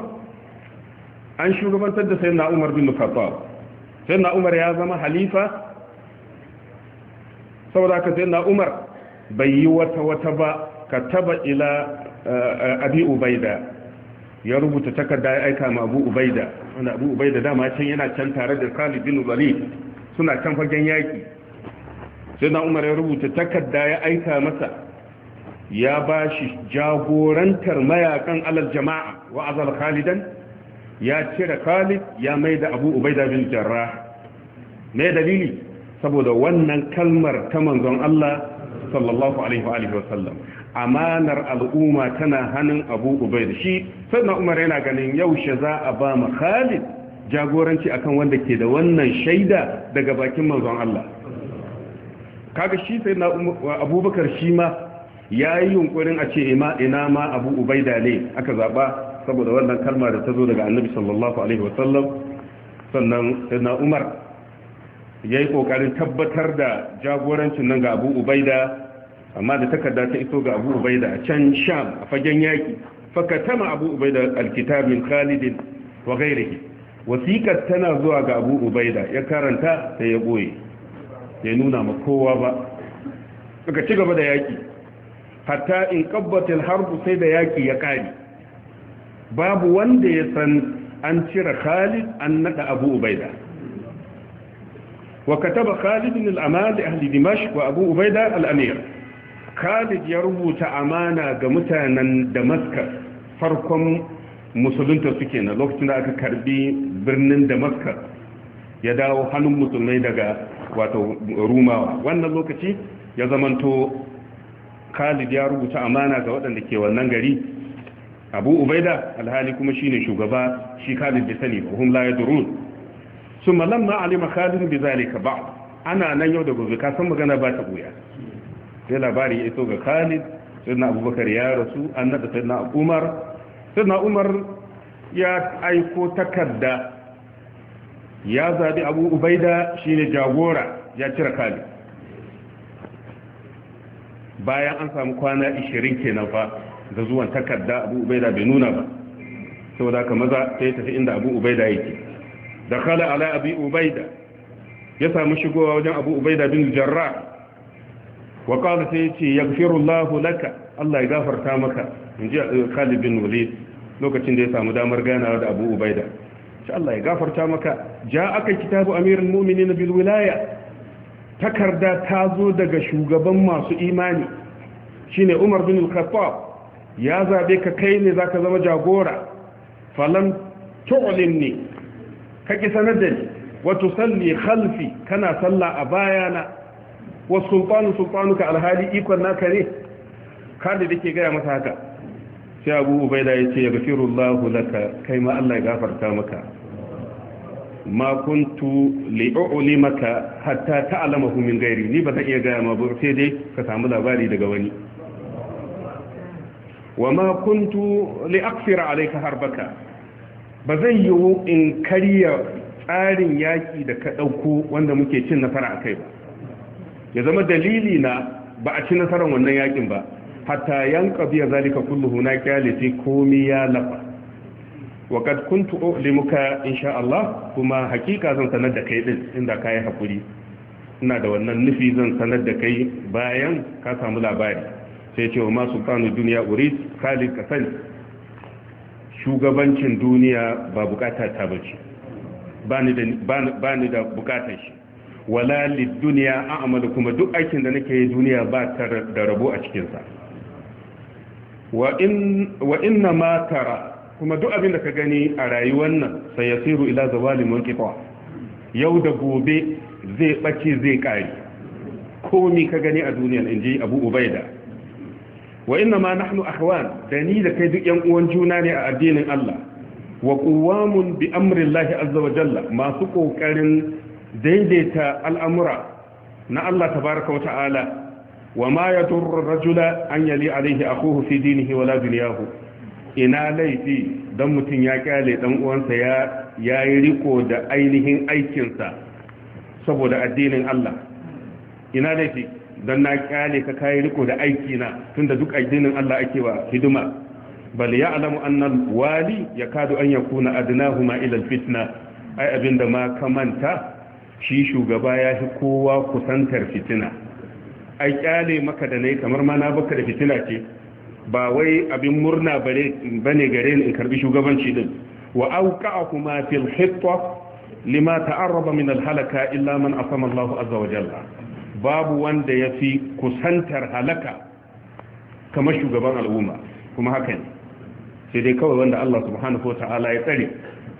an shugabantar da na Umar bin Khattab na Umar ya zama halifa saboda ka na Umar bai yi wata wata ba ka taba ila eh, eh, abi ubaida ya rubuta takarda ya aika ma abu ubaida wanda abu ubaida dama can yana can tare da khalid bin walid suna can fagen yaki sai na umar ya rubuta takarda ya aika masa ya ba shi jagorantar mayakan alal jama'a wa azal khalidan ya cire khalid ya mai da abu ubaida bin jarrah me dalili saboda wannan kalmar ta manzon Allah sallallahu alaihi wa alihi wa sallam amanar al'umma tana hannun abu da shi sannan umar yana ganin yaushe za a ba mu khalid jagoranci akan wanda ke da wannan shaida daga bakin manzon Allah kaga shi sai na abubakar shi ma ya yi yunkurin a ce ina ma abu da ne aka zaba saboda wannan kalma da ta zo daga annabi sallallahu alaihi sallam sannan sai na umar ya yi kokarin tabbatar da jagorancin nan ga abu ubaida amma da takarda ta iso ga abu ubaida a can sham a fagen yaki fakatama abu ubaida alkitab min wa ghairihi tana zuwa ga abu ubaida ya karanta da ya goye ya nuna ma kowa ba suka ci gaba da yaki hatta in qabbat alharb sai da yaki ya kare babu wanda ya san an cire khalid an naɗa abu ubaida وكتب خالد الأمال dimash دمشق abu ubaida al'amir. khalid ya rubuta amana ga mutanen damascus farkon musulunta suke na lokacin da aka karbi birnin damascus ya dawo hannun musulmai daga wato rumawa wannan lokaci ya zamanto khalid ya rubuta amana ga waɗanda ke wannan gari abu ubaida alhali kuma shine shugaba shi khalid bai sani ba hum la durun summa lamma alima khalid bi zalika ba? ana nan yau da gobe ka san magana ba ta buya sai labari ya iso ga khalid na abubakar ya rasu an nada na umar na umar ya aiko takarda ya zabi abu ubaida ne jagora ya cire khalid bayan an samu kwana 20 kenan fa da zuwan takarda abu ubaida bai nuna ba saboda haka maza sai tafi inda abu ubaida yake da kala ala abi ubaida ya samu shigowa wajen abu ubaida bin jarrah wa qala sai yace yaghfirullahu laka Allah ya gafarta maka inji eh, Khalid bin Walid lokacin da ya samu damar ganawa da Abu Ubaida sai Allah ya gafarta maka ja'aka kitabu amirul mu'minin bil takarda ta zo daga shugaban masu imani shine Umar bin Al-Khattab ya zabe ka kai ne zaka zama jagora falam tu'limni kake sanar da ni wa tusalli khalfi kana sallah a bayana Wasu sultanu sultanuka alhali ikon naka ne kada da ke gaya masa haka sai abu ubaida ya ce ya gafirullahu laka kai ma Allah ya gafarta maka ma kuntu maka hatta ta'lamahu min gairi ni ba zan iya gaya ma ba sai dai ka samu labari daga wani wa ma kuntu li'aksira alayka harbaka ba zan yiwu in karya tsarin yaki da ka dauko wanda muke cin nasara kai ba ya zama dalili na ba a ci nasarar wannan yakin ba hatta yanka biya zalika kulluhu na kyaliti komi ya lafa wa kad kuntu ulimuka insha Allah kuma hakika zan sanar da kai din inda kai hakuri ina da wannan nufi zan sanar da kai bayan ka samu labari sai ce wa ma sultanu duniya urid khalid kasan shugabancin duniya ba bukata ta bace bani da bani da bukatar shi wala duniya an amalu kuma duk aikin da nake yi duniya ba ta da rabo a cikinsa wa inna ma tara kuma duk abin da ka gani a rayuwar nan sai yasiru ila zawalin wanqita yau da gobe zai ɓace zai kare komi ka gani a duniya inji Abu Ubaida wa inna ma nahnu akhwan dani da kai duk yan uwan juna ne a addinin Allah wa quwamun bi amrillahi azza wa jalla masu kokarin daidaita al'amura na Allah tabaraka wa ta'ala wa ma ya turu rajula an yali alaihi akuhu fi dinihi wala duniyahu ina laifi don mutum ya kyale dan ya yi riko da ainihin aikinsa saboda addinin Allah ina laifi don na kyale ka kayi riko da aikina tunda duk addinin Allah ake wa hidima bal ya anna nan wali ya yakadu an yakuna adnahuma ila al-fitna ai abinda ma kamanta shi shugaba ya fi kowa kusantar fitina A kyale maka da nayi kamar ma na baka da fitina ce ba wai abin murna bare bane gare ni in karbi shugabanci din wa auqa'akuma fil hitta lima ta'arraba min alhalaka halaka illa man asama Allah azza wa jalla babu wanda yafi kusantar halaka kamar shugaban al'umma kuma haka ne sai dai kawai wanda Allah subhanahu wa ta'ala ya tsare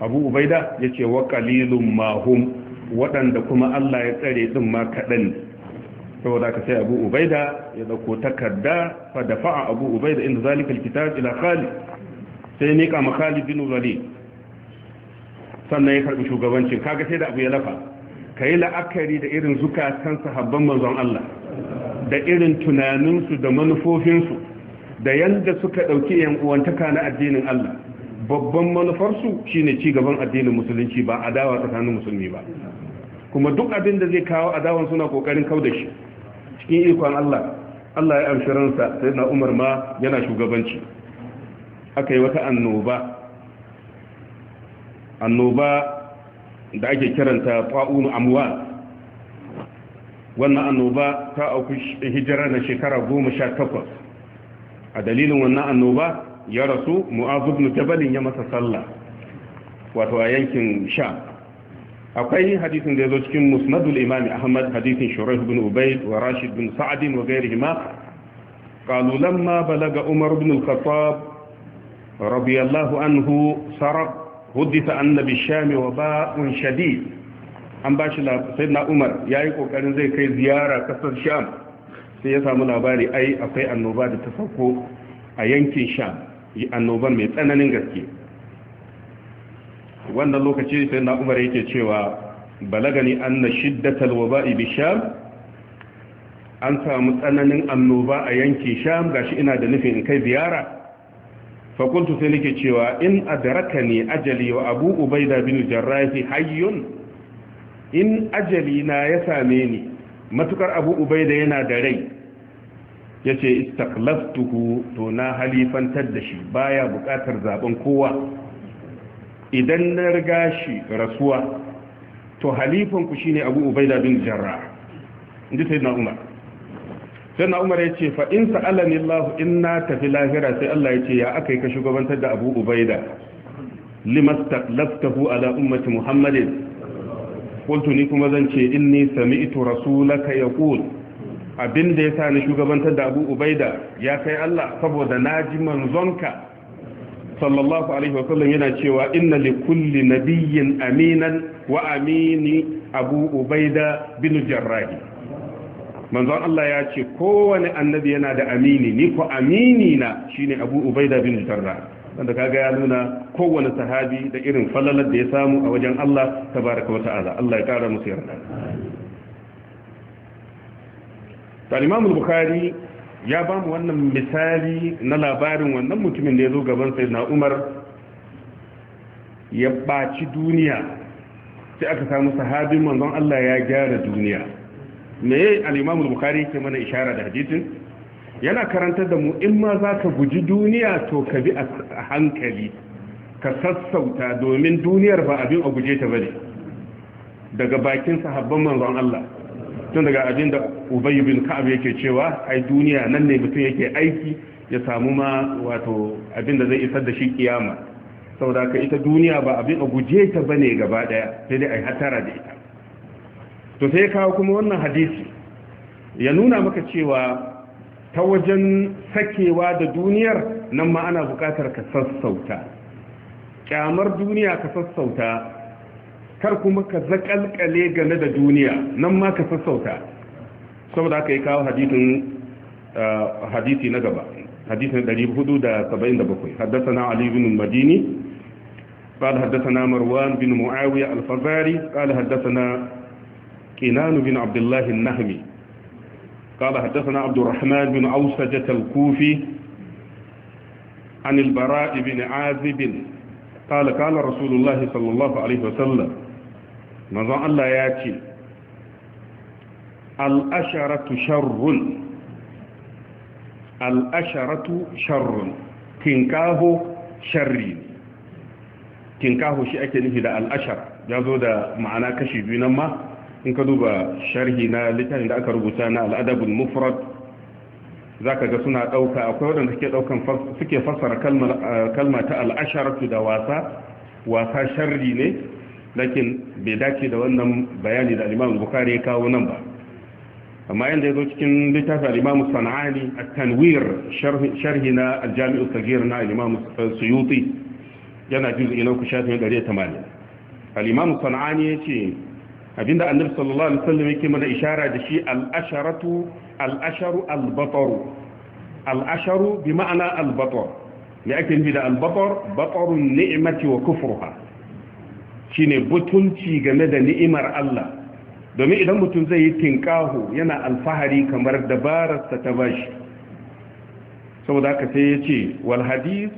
Abu Ubaida yace wa qalilum ma hum waɗanda kuma Allah ya tsare din ma kaɗan saboda ka sai abu ubaida ya dauko takarda fa dafa'a abu ubaida inda zalika alkitab ila khalid sai ne kama khalid bin walid sannan ya karbi shugabancin kaga sai da abu ya lafa kai la'akari da irin zukatan sahabban manzon Allah da irin tunaninsu da manufofinsu da yanda suka ɗauki yan uwantaka na addinin Allah babban manufarsu shine ci gaban addinin musulunci ba adawa tsakanin musulmi ba kuma duk abin da zai kawo adawan suna kokarin da shi cikin ikon Allah Allah ya amshi ransa sai na Umar ma yana shugabanci aka yi wata annoba annoba da ake kiranta fa'unu amwa wannan annoba ta auku hijira na shekara goma sha takwas a dalilin wannan annoba ya rasu mu'azu mutabalin ya masa sallah wato a yankin sha akwai hadisin da ya zo cikin musnadul imam ahmad hadisin shuraih bin ubayd wa rashid bin sa'd wa ghayrihima qalu lamma balaga umar bin al-khattab radiyallahu anhu sarq hudita anna bisham wa ba'un shadid an bashi sayyidina umar yayi kokarin zai kai ziyara kasar sham sai ya samu labari ai akwai annoba da ta sauko a yankin sham annoban mai tsananin gaske wannan lokaci sai na umar yake cewa balagani anna shiddatal waba'i bi sham an samu tsananin annoba a yankin sham gashi ina da nufin in kai ziyara fa kuntu sai nake cewa in adrakani ajali wa abu ubaida bin jarrahi hayyun in ajali na ya same ni matukar abu ubaida yana da rai yace istaklaftuhu to na halifantar da shi baya bukatar zaben kowa idan na riga shi rasuwa to halifanku shine abu ubaida bin jarra inda sai na umar sai na umar ya ce fa'in sa'alani Allah in na tafi lahira sai Allah ya ce ya aka yi ka shugabantar da abu ubaida limastaklaftahu ala ummati muhammadin kultu ni kuma zan ce inni sami'tu rasulaka yaqul abinda ya sa ni shugabantar da abu ubaida ya kai Allah saboda na ji manzonka sallallahu alaihi wasallam yana cewa inna li kulli nabiyyin aminan wa amini abu ubaida bin jarrahi manzon Allah ya ce kowane annabi yana da amini ni ko amini na shine abu ubaida bin jarrahi wanda kaga ya nuna kowane sahabi da irin falalar da ya samu a wajen Allah tabaraka wa ta'ala Allah ya kara musu yarda al-Imam bukhari ya ba mu wannan misali na labarin wannan mutumin da ya zo gaban sai na umar ya baci duniya sai aka samu sahabin manzon Allah ya gyara duniya me al-imamu bukhari yake mana ishara da hadisin yana karantar da mu in ma za ka guji duniya to ka bi a hankali ka sassauta domin duniyar ba abin a guje ta bane daga bakin sahabban manzon Allah tun daga abin da ubayi bin ka'ab yake cewa ai duniya nan ne mutum yake aiki ya samu ma wato abin da zai isar da shi kiyama saboda ka ita duniya ba abin a guje ta bane gaba daya sai dai ai hatara da ita to sai kawo kuma wannan hadisi ya nuna maka cewa ta wajen sakewa da duniyar nan ma ana bukatar ka sassauta kyamar duniya ka sassauta kar kuma ka zakalkale game da duniya nan ma ka sassauta saboda aka yi kawo hadithin hadisi na gaba hadithin 477 haddasa ali bin madini قال حدثنا مروان بن معاوية الفزاري قال حدثنا كنان بن عبد الله النهمي قال حدثنا عبد الرحمن بن أوسجة الكوفي عن البراء بن عازب قال قال رسول الله صلى الله عليه وسلم manzon Allah ya ce al'asharatu sharrun al'asharatu sharrun kinkaho sharri kinkaho shi ake nufi da al'ashar ya zo da ma'ana kashi biyu nan ma in ka duba sharhi na littafin da aka rubuta na al'adabin mufrad za ka ga suna ɗauka akwai waɗanda suke ɗaukan suke fassara kalma ta al'asharatu da wasa wasa sharri ne lakin bai dace da wannan bayani da alimamu bukari ya kawo nan ba amma yadda ya zo cikin littafin alimamu sana'ani a tanwir sharhi na aljami'u sagir na alimamu suyuti yana juzu ina ku shafin ɗari tamanin alimamu sana'ani ya ce abinda annabi sallallahu alaihi wasallam yake mana ishara da shi al-asharatu al-asharu al-bataru al-asharu bi ma'ana al-batar ya ake nufi da al-batar batarun ni'mati wa kufruha shine butunci game da ni'imar Allah domin idan mutum zai yi tinkahu yana alfahari kamar dabararsa ta bashi saboda haka sai ya ce wal hadis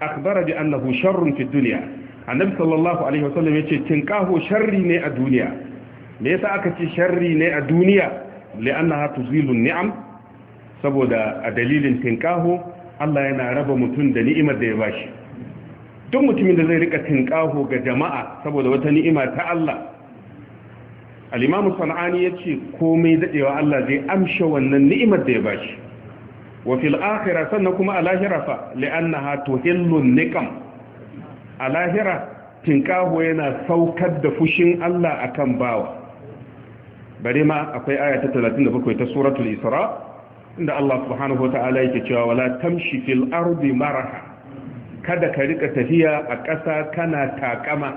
akbara bi annahu sharrun fi dunya annabi sallallahu alaihi wasallam ce tinkahu sharri ne a duniya me yasa aka ce sharri ne a duniya li'annaha tuzilu ni'am saboda a dalilin tinkahu Allah yana raba mutum da ni'imar da ya bashi duk mutumin da zai rika tinkaho ga jama'a saboda wata ni'ima ta Allah al-imamu sana'ani yace komai dadewa Allah zai amshe wannan ni'imar da ya bashi wa fil akhirah sannan kuma a lahira fa li'annaha tuhillun niqam a lahira tinkaho yana saukar da fushin Allah akan bawa bare ma akwai aya ta 37 ta suratul isra inda Allah subhanahu wa ta'ala yake cewa wala tamshi fil ardi maraha kada ka rika tafiya a ƙasa kana takama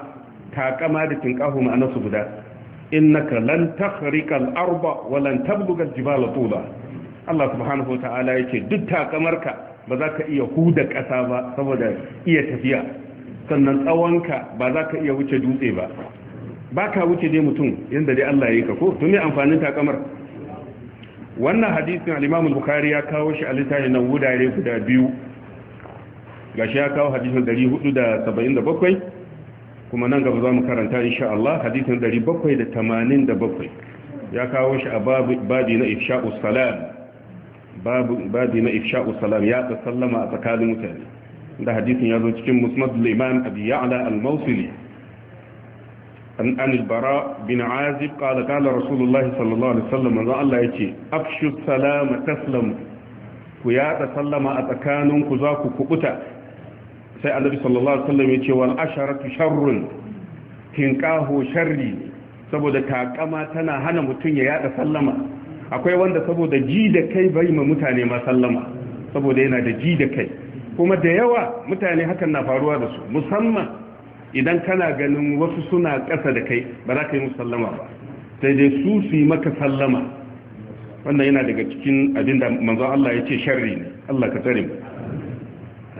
takama da tinkahu su guda innaka lan takhriqa al-arba wa lan tabluga al-jibala tula Allah subhanahu wataala yake duk takamarka ba za ka iya huda ƙasa ba saboda iya tafiya sannan tsawonka ba za ka iya wuce dutse ba ba ka wuce dai mutum yadda dai Allah ya yi ka ko tun yi amfanin takamar wannan hadisin al-Imam al-Bukhari ya kawo shi a littafin nan wurare guda biyu gashi ya kawo hadisin 477 kuma nan gaba za mu karanta insha Allah hadisin 787 ya kawo shi a babi na ifsha'us salam babi na ifsha'us salam ya sallama a tsakanin mutane da hadisin ya zo cikin musnad al-imam abi ya'la al-mawsili an an al-bara bin azib qala qala rasulullah sallallahu alaihi wasallam manzo Allah yace afshu salama taslam ku ya sallama a tsakaninku za ku kubuta sai annabi sallallahu alaihi wasallam ya wal asharatu sharrun tinqahu sharri saboda takama tana hana mutun ya yada sallama akwai wanda saboda ji da kai bai ma mutane ma sallama saboda yana da ji da kai kuma da yawa mutane hakan na faruwa da su musamman idan kana ganin wasu suna ƙasa da kai ba za ka yi musallama ba sai dai su su yi maka sallama wannan yana daga cikin abin da manzo Allah ya ce sharri ne Allah ka tsare mu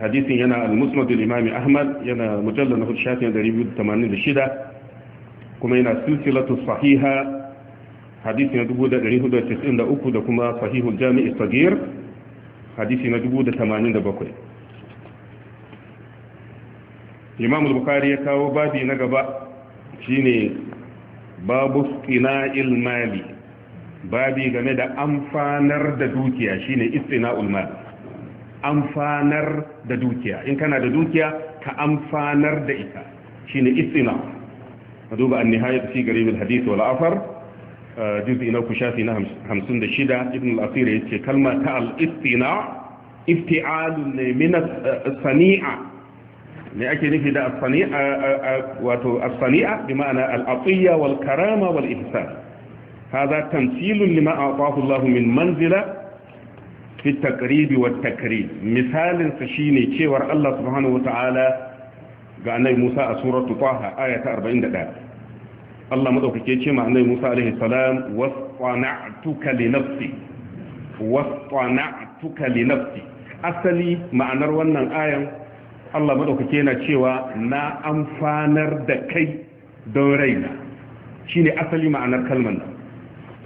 حديث ينا المسند الإمام أحمد ينا مجلد نقول شاتي عند ريبيو الثمانين لشدة كما ينا السلسلة الصحيحة حديث ندبو دا ريبيو دا تسعين دا أكو دا كما صحيح الجامع الصغير حديث ندبو دا ثمانين دا بقوي الإمام البخاري يتاو بابي نقبا شيني باب اصطناء المالي بابي غمي دا أمفانر دا دوكيا شيني اصطناء المالي amfanar da dukiya in kana da dukiya ka amfanar da ita shine istina duba an-nihayat fi shi garibin hadith wal afar uh, jirgi ina ku shafi na hamsin da shida ibn al-asir ce kalma ta al-istina ifti'alun ne min as-sani'a ne ake nufi da as uh, uh, wato as-sani'a bi ma'ana al-atiyya wal karama wal ihsan هذا تمثيل لما أعطاه الله من منزلة fi taqribi wa takrib misalin sa shine cewar Allah subhanahu wata'ala ga annabi Musa a suratu Taha aya ta 41 Allah madaukake ce ma annabi Musa alaihi salam wasqana'tuka li nafsi wasqana'tuka li nafsi asali ma'anar wannan ayan Allah madaukake yana cewa na amfanar da kai don raina shine asali ma'anar kalmar nan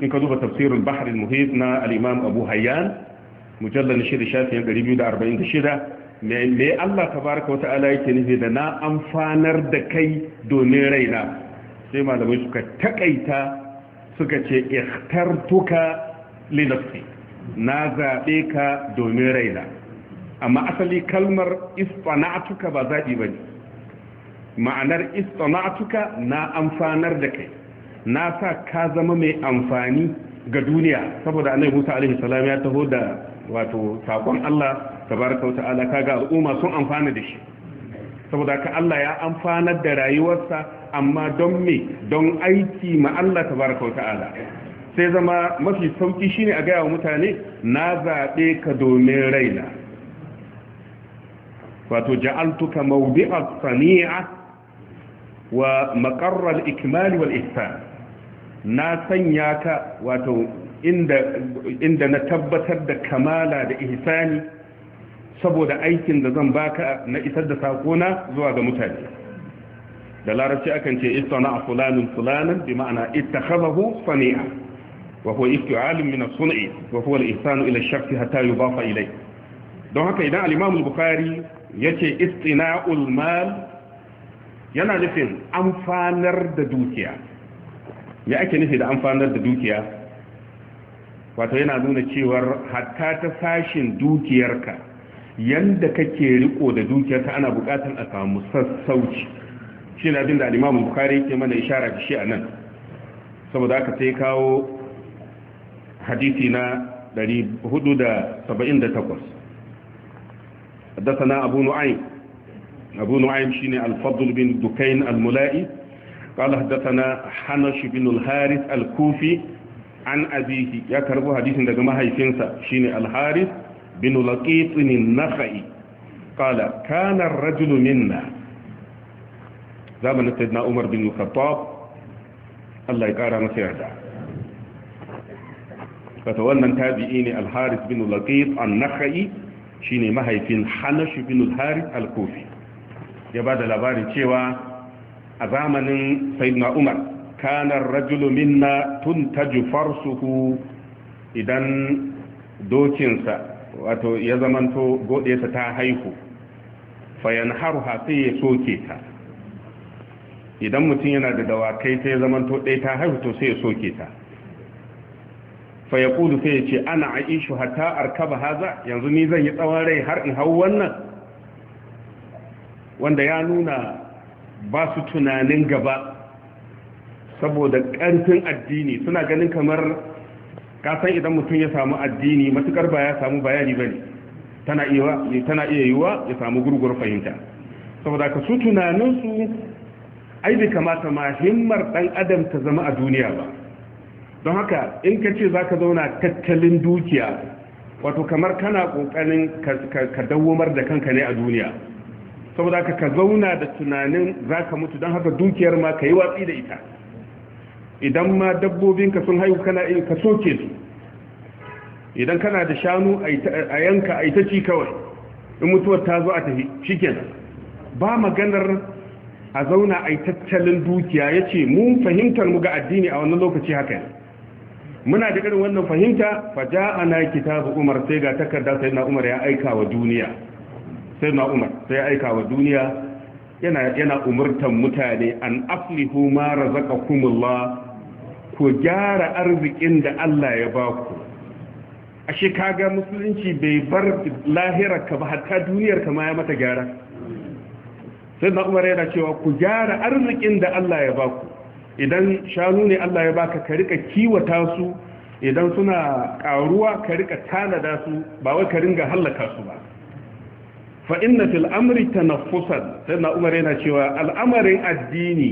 in ka duba tafsirin bahar al-muhit na al-imam abu hayyan mujallar shida shafin 246 me Allah ta baraka wata ala yake nufi da na amfanar da kai domin raina sai malamai suka takaita suka ce ikhtartuka li linafsi na zaɓe ka domin raina amma asali kalmar istana'tuka ba ba ne ma'anar istana'tuka na amfanar da kai na sa ka zama mai amfani ga duniya saboda annabi Musa alaihi salam ya taho da wato sakon Allah tabaraka wata'ala kaga al'umma sun amfana da shi saboda ka Allah ya amfanar da rayuwarsa amma don me don aiki ma Allah tabaraka wata'ala sai zama mafi sauki shine a gaya wa mutane na zaɓe ka domin raina wato ja'altuka mawdi'a sani'a wa maqarra ikmal wal ihsan na sanya ka wato inda na tabbatar da kamala da ihsani saboda aikin da zan baka na isar da sakona zuwa ga mutane da larabci akan ce istana fulanin fulanin bi ma'ana ita ittakhadahu sani'a wa huwa isti'alun min as-sun'i wa huwa al-ihsanu ila ash-shakhs hatta yudafa ilayh don haka idan alimamul imam ya ce yace istina'ul mal yana nufin amfanar da dukiya ya ake nufi da amfanar da dukiya wato yana nuna cewar hatta ta sashin dukiyarka yanda kake riko da dukiyarka ana bukatar a samu sassauci shi na abin da alimamun bukari ke mana ishara da shi a nan saboda aka sai kawo hadisi na 478 حدثنا abu نعيم shi ne alfadul bin dukain al mulai قال حدثنا حنش بن الهارث الكوفي an abihi ya karbo hadisin daga mahaifinsa shine Alharis haris bin laqit bin nakhai qala kana ar-rajul minna zamanin sayyidina umar bin khattab Allah ya kara masa yarda kata wannan tabi'i ne al-haris bin laqit an-nakhai shine mahaifin hanash bin al-haris al-kufi ya bada labarin cewa a zamanin sayyidina umar kanar rajulu minna tun taju farsuhu idan dokinsa wato ya zamanto godesa ta haihu fayan haruha sai ya soke ta idan mutum yana da dawakai sai ya zamanto ɗaya ta haihu to sai ya soke ta faya sai ya ce ana aishu hatta arkaba haza yanzu ni zan yi tsawon rai har in hau wannan wanda ya nuna ba su tunanin gaba saboda ƙarfin addini suna ganin kamar kasan idan mutum ya samu addini matukar ba ya samu bayani ba ne tana iya yiwa ya samu gurgur fahimta saboda ka su tunaninsu ai bi kamata ma himmar ɗan adam ta zama a duniya ba don haka in ka ce za ka zauna tattalin dukiya wato kamar kana ƙoƙarin ka dawomar da kanka ne a duniya saboda ka ka zauna da tunanin za ka mutu don haka dukiyar ma ka yi watsi da ita idan ma dabbobinka sun haihu kana in ka soke su idan kana da shanu a yanka a ita ci kawai in mutuwar ta zo a tafi ba maganar a zauna a tattalin dukiya ya ce mun fahimtar mu ga addini a wannan lokaci haka muna da irin wannan fahimta fa ana kitabu umar sai ga takarda sai na umar ya aika wa duniya sai na umar sai ya aika wa duniya yana yana umurtan mutane an aflihu ma razaqakumullah ku gyara arzikin da Allah ya ba ku ashe kaga musulunci bai bar lahira ka ba hatta duniyar ka ma ya mata gyara sai na umar yana cewa ku gyara arzikin da Allah ya ba ku idan shanu ne Allah ya baka ka rika kiwata su idan suna karuwa ka rika tanada su ba wai ka ringa halaka su ba fa inna fil amri tanaffusan sai na umar yana cewa al'amarin addini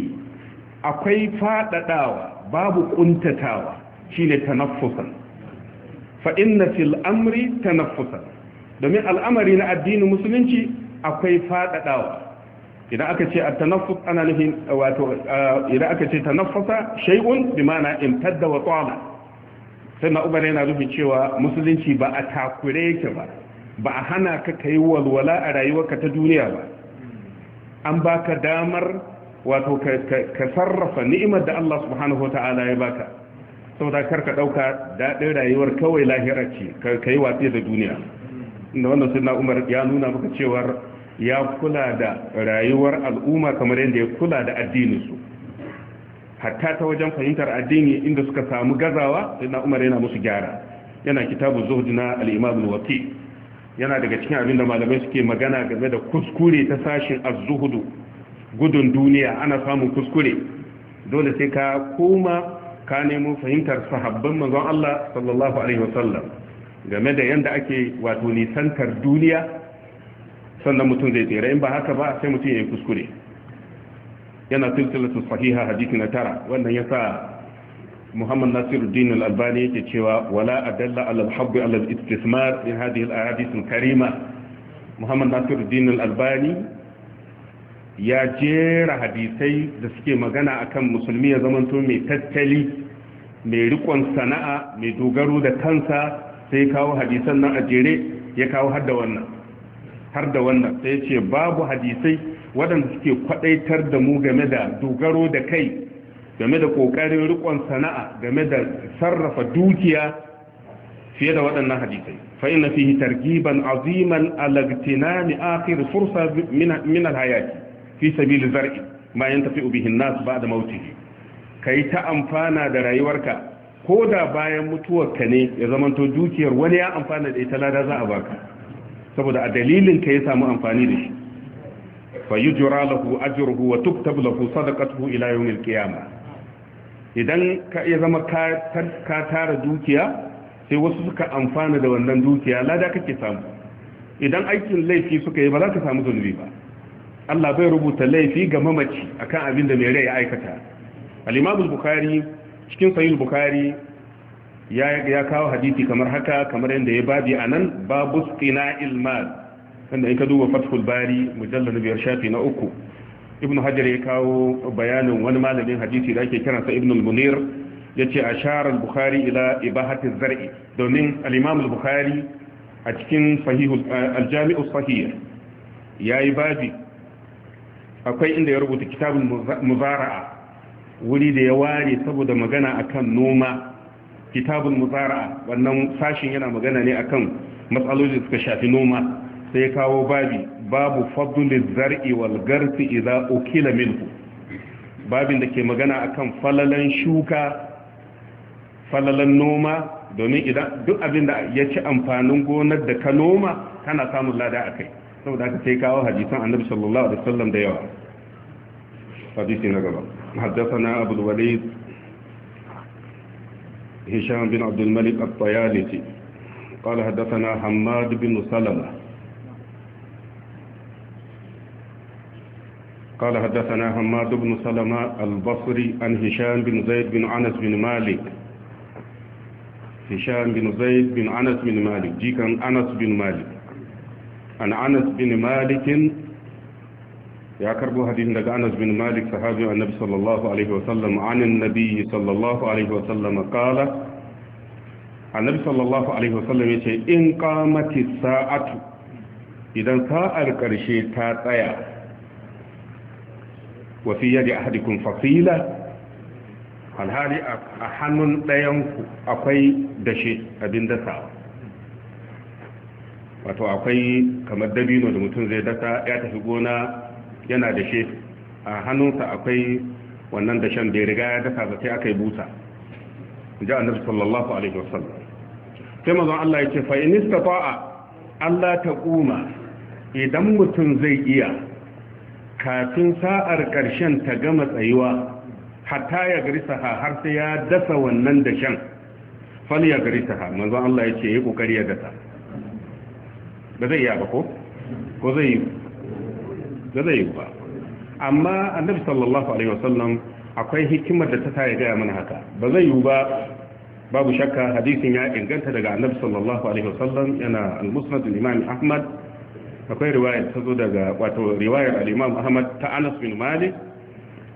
akwai fadadawa babu kuntatawa shine tanaffusan fa inna fil amri tanaffusan domin al'amari na addinin musulunci akwai fadadawa idan aka ce at-tanaffus ana nufin eh, wato eh, idan aka ce tanaffasa shay'un bi ma'ana imtadda wa tawala sai na umar yana nufin cewa musulunci ba a takure yake ba ba a hana ka ka yi walwala a rayuwarka ta duniya ba an baka damar wato ka sarrafa ni'imar da Allah subhanahu ta'ala ya baka saboda kar ka ɗauka daɗin rayuwar kawai lahira ce ka yi watsi da duniya inda wannan na Umar ya nuna maka cewar ya kula da rayuwar al'umma kamar yadda ya kula da addinin su hatta ta wajen fahimtar addini inda suka samu gazawa sai na umar yana musu gyara yana kitabu zuhud na al-imam yana daga cikin abin da malamai suke magana game da kuskure ta sashin az gudun duniya ana samun kuskure dole sai ka koma ka nemo fahimtar sahabban manzon Allah sallallahu alaihi wasallam game da yanda ake wato nisantar duniya sannan mutum zai tsere in ba haka ba sai mutum ya yi kuskure yana silsilatu sahiha hadisi na tara wannan yasa muhammad nasiruddin al-albani yake cewa wala a dalla al-habb ala al-istismar min hadhihi al-ahadith al-karima muhammad nasiruddin al-albani ya jera hadisai da suke magana a kan musulmi ya zamanto mai tattali mai rikon sana'a mai dogaro da kansa sai kawo hadisan nan a jere ya kawo har da wannan har da wannan sai ce babu hadisai waɗanda suke kwadaitar da mu game da dogaro da kai game da ƙoƙarin rikon sana'a game da sarrafa dukiya fiye da waɗannan hadisai fa inna fihi targiban aziman ala igtinami akhir fursa min al-hayati fi sabil zar'i ma yantafi bihi an-nas ba'da mawtihi kai ta amfana da rayuwarka ko da bayan mutuwarka ne ya zamanto dukiyar wani ya amfana da ita lada za a baka saboda a dalilin ka ya samu amfani da shi fa yujra lahu ajruhu wa tuktab lahu sadaqatuhu ila yawmil qiyamah idan ka ya zama ka tara dukiya sai wasu suka amfana da wannan dukiya lada kake samu idan aikin laifi suka yi ba za ka samu zunubi ba Allah bai rubuta laifi ga mamaci akan abin da mai rai ya aikata al bukari cikin sahih bukhari ya kawo hadisi kamar haka kamar yadda ya babi nan babu istina'il mal wanda in ka duba fathul bari mujallar biyar shafi na uku ibn hajar ya kawo bayanin wani malamin hadisi da ake kiransa ibn al-munir ce a sharar bukhari ila ibahati az-zar'i domin al-imam al-bukhari a cikin sahihul eh, al ya yi yayi babi akwai inda ya rubuta kitabin muzara'a wuri da ya ware saboda magana akan noma kitabul muzara'a wannan sashin yana magana ne akan matsaloli da suka shafi noma sai ya kawo babi babu fadlul zar'i wal garfi idza ukila babin da ke magana akan falalan shuka falalan noma domin idan duk abin da ya ci amfanin gonar da ka noma kana samun lada kai saboda haka sai kawo hadisan annabi sallallahu alaihi wasallam da yawa na حدثنا أبو الوليد هشام بن عبد الملك الطيالتي قال حدثنا حماد بن سلمة قال حدثنا حماد بن سلمة البصري عن هشام بن زيد بن أنس بن مالك هشام بن زيد بن أنس بن مالك جي كان أنس بن مالك عن أنس بن مالك يا كربو حديث لك أنس بن مالك صحابي النبي صلى الله عليه وسلم عن النبي صلى الله عليه وسلم قال النبي صلى الله عليه وسلم يقول إن قامت الساعة إذا ساعة الكرشي تاتيا wa fi yadi fasila alhali a hannun ɗayanku akwai dashe abin dasawa wato akwai kamar dabino da mutum zai dasa ya tafi gona yana dashe a hannunsa akwai wannan dashen da ya riga ya dasa ba sai aka yi busa ji annabi sallallahu alaihi wasallam sai mazan Allah ya ce fa in Allah ta kuma idan mutum zai iya kafin sa'ar ƙarshen ta gama tsayuwa hatta ya gari saha har sai ya dasa wannan dashen fal ya gari saha, manzon Allah ya ce ya kokari ya dasa ba zai iya ba ko ko zai yi Ba zai yi ba amma annabi sallallahu alaihi wasallam akwai hikimar da ta sa ya gaya mana haka ba zai yi ba babu shakka hadisin ya inganta daga annabi sallallahu alaihi wasallam yana al-musnad al-imam Ahmad akwai riwayar ta zo daga wato riwayar al-Imam Ahmad ta Anas bin Malik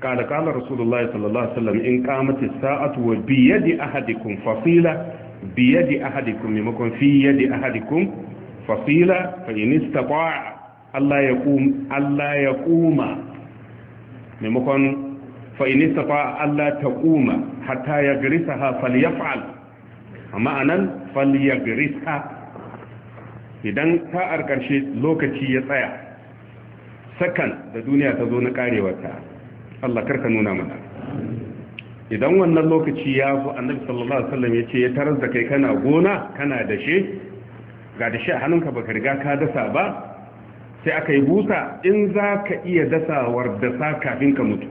قال قال رسول الله صلى الله عليه وسلم إن قامت الساعة وبيد أحدكم فصيلة بيد أحدكم ممكن في يد أحدكم فصيلة فإن استطاع الله يقوم الله يقوم ممكن فإن استطاع الله تقوم حتى يجرسها فليفعل أما أنا فليجرسها idan sa'ar ƙarshe lokaci ya tsaya sakan da duniya ta zo na ƙarewarta Allah karka nuna mana idan wannan lokaci ya zo annabi sallallahu alaihi wasallam ya ce ya tarar da kai kana gona kana dashe ga dashe a hannunka baka riga ka dasa ba sai aka yi busa in za ka iya dasawar dasa kafin ka mutu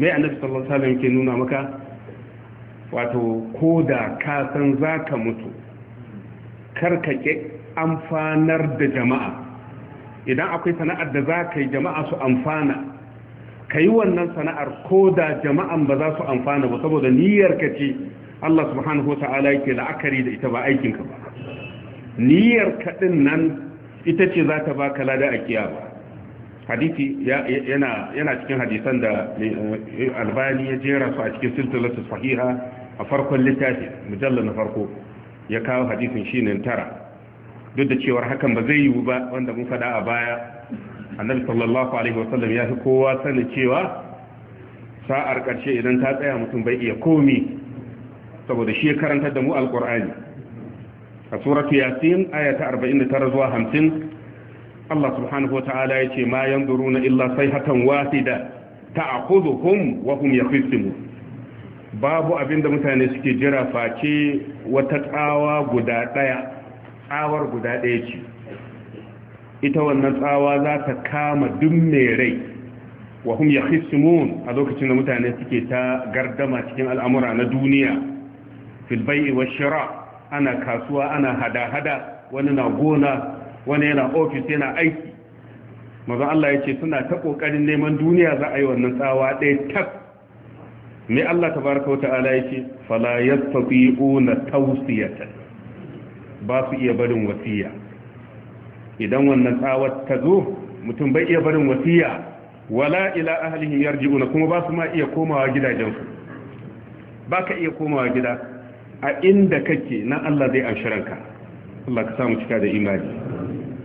mai annabi sallallahu alaihi wasallam ke nuna maka wato ko da ka san za ka mutu karkake amfanar da jama'a idan akwai sana'ar da za ka yi jama'a su amfana ka yi wannan sana'ar ko da jama'an ba za su amfana ba saboda niyyar ka ce Allah subhanahu wa ta'ala yake la'akari da ita ba aikinka ba niyyar ka din nan ita ce za ta baka lada a kiyama hadisi yana yana cikin hadisan da eh, albani ya jera su a cikin silsilatu sahiha a farkon littafi mujallar na farko ya kawo hadisin shine tara duk da cewar hakan ba zai yiwu ba wanda mun faɗa a baya annabi sallallahu alaihi wasallam ya fi kowa sani cewa sa'ar ƙarshe idan ta tsaya mutum bai iya komi saboda shi ya karantar da mu alƙur'ani a suratu yasin aya ta 49 zuwa 50 Allah subhanahu wa ta'ala ya ce ma yanzuruna illa sai sayhatan wasida ta'khudhuhum wa hum yakhisimun babu abinda mutane suke jira face wata tsawa guda ɗaya tsawar guda ɗaya ce ita wannan tsawa za ta kama duk mai rai wa hum ya a lokacin da mutane suke ta gardama cikin al'amura na duniya filbai wa shira ana kasuwa ana hada-hada wani na gona wani yana ofis yana aiki Maza Allah ya ce suna ta ƙoƙarin neman duniya za a yi wannan tsawa ɗaya tak me Allah tabaraka wata'ala yake fala yastati'una tawsiyata ba su iya barin wasiya idan wannan tsawar ta zo mutum bai iya barin wasiya wala ila ahlihi yarji'una kuma ba su ma iya komawa su ba ka iya komawa gida a inda kake na Allah zai amshi Allah ka samu cika da imani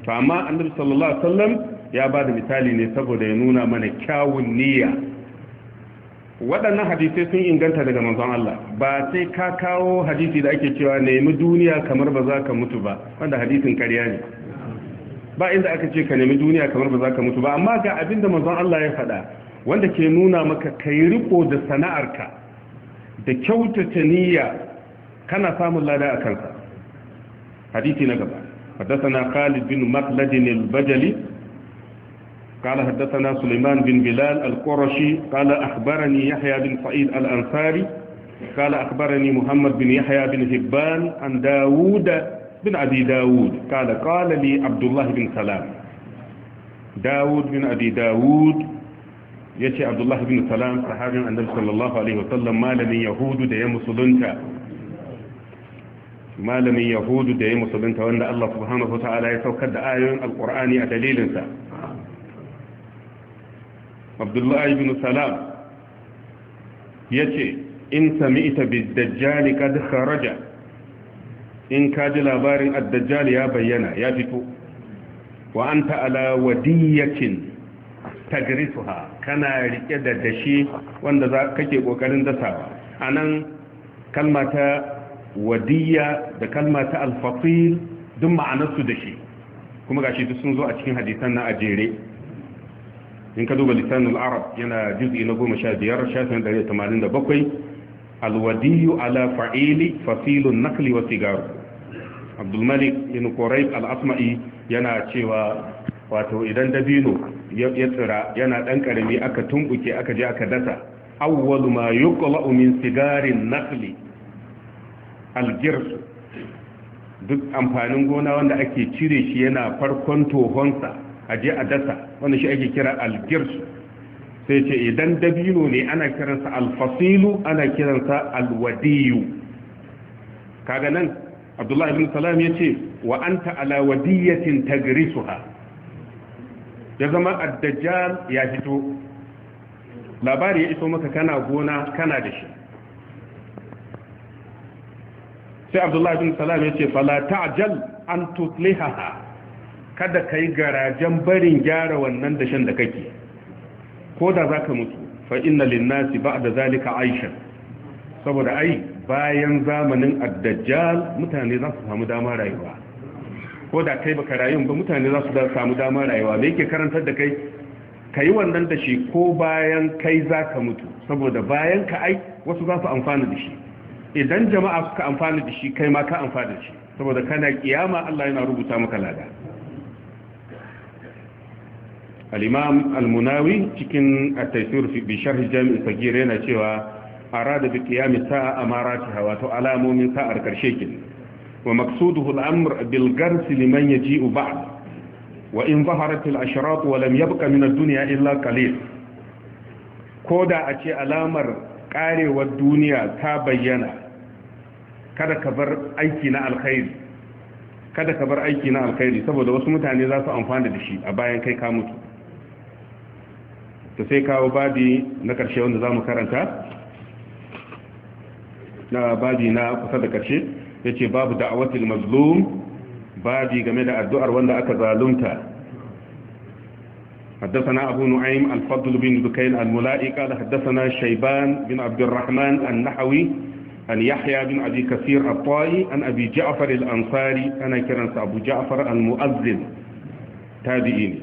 to amma annabi sallallahu alaihi wasallam ya ba da misali ne saboda ya nuna mana kyawun niyya waɗannan hadisai sun inganta daga manzon Allah ba sai ka kawo hadisi da ake cewa nemi duniya kamar ba za ka mutu ba wanda hadisin ƙarya ne ba inda aka ce ka nemi duniya kamar ba za ka mutu ba amma ga abin da manzon Allah ya faɗa wanda ke nuna maka kai riko da sana'arka da kyautata niyya kana samun lada a kansa hadisi na gaba Khalid bin بن al bajali قال حدثنا سليمان بن بلال القرشي قال أخبرني يحيى بن سعيد الأنصاري قال أخبرني محمد بن يحيى بن هبان عن داوود بن أبي داوود قال قال لي عبد الله بن سلام داوود بن أبي داوود يتي عبد الله بن سلام صحابي النبي صلى الله عليه وسلم ما لم يهود ده مسلمتا ما لم يهود ده مسلمتا وأن الله سبحانه وتعالى يتوكد آية القرآن أدليلنسا abdullahi bin salam ya ce in sami ita biddajjali kad kharaja in ka ji labarin addajjali ya bayyana ya fito wa an ta'ala wadiyakin tagrisuha kana rike da dashi wanda za kake kokarin dasawa anan kalma ta wadiyya da kalma ta alfatil duk ma'anarsu dashi kuma gashi duk sun zo a cikin hadisan na ajere in ka duba lisanul arab yana juz'i na goma sha biyar shafin ɗari tamanin da bakwai alwadiyu ala fa'ili fasilun nakli wa sigaru abdulmalik in korai al'asma'i yana cewa wato idan dabino ya tsira yana ɗan ƙarami aka tumbuke aka je aka dasa awwalu ma yuqla'u min sigarin nakli algirsu duk amfanin gona wanda ake cire shi yana farkon tohonsa a je a dasa wanda shi ake kira algirsu sai ce idan dabino ne ana kiransa alfasilu ana kiransa alwadiyu kaga nan abdullahi ibn salam ya ce wa anta ala wadiyatin tagrisuha ya zama addajjal ya fito labari ya iso maka kana gona kana da shi sai abdullahi ibn salam ya ce fala ta'jal an tutlihaha kada ka yi garajen barin gyara wannan da shan da kake ko da za ka mutu fa inna linnasi ba da zalika aisha saboda ai bayan zamanin addajjal mutane za su samu dama rayuwa ko da kai baka rayu ba mutane za su samu dama rayuwa me yake karantar da kai ka yi wannan da shi ko bayan kai za ka mutu saboda bayan ka ai wasu za su amfana da shi idan jama'a suka amfana da shi kai ma ka amfana da shi saboda kana kiyama Allah yana rubuta maka lada al-imam al-munawi cikin at-taysir bi sharh sagir yana cewa arada bi qiyam sa'a ta wato alamomin sa'ar karshe kin wa maqsuduhu hul'amur amr bil gars ya yaji'u ba'd wa in zaharat al-ashrat wa lam yabqa min ad-dunya illa qalil koda a ce alamar karewar duniya ta bayyana kada ka bar aiki na alkhairi kada ka bar aiki na alkhairi saboda wasu mutane za su amfana da shi a bayan kai ka mutu to sai kawo babi na karshe wanda za mu karanta na babi na kusa da karshe ya ce babu da'awatul mazlum babi game da addu'ar wanda aka zalunta حدثنا أبو نعيم الفضل بن بكيل الملائي قال حدثنا شيبان بن عبد الرحمن النحوي أن يحيى بن أبي كثير الطائي أن أبي جعفر الأنصاري أنا كرنس أبو جعفر المؤذن تابعيني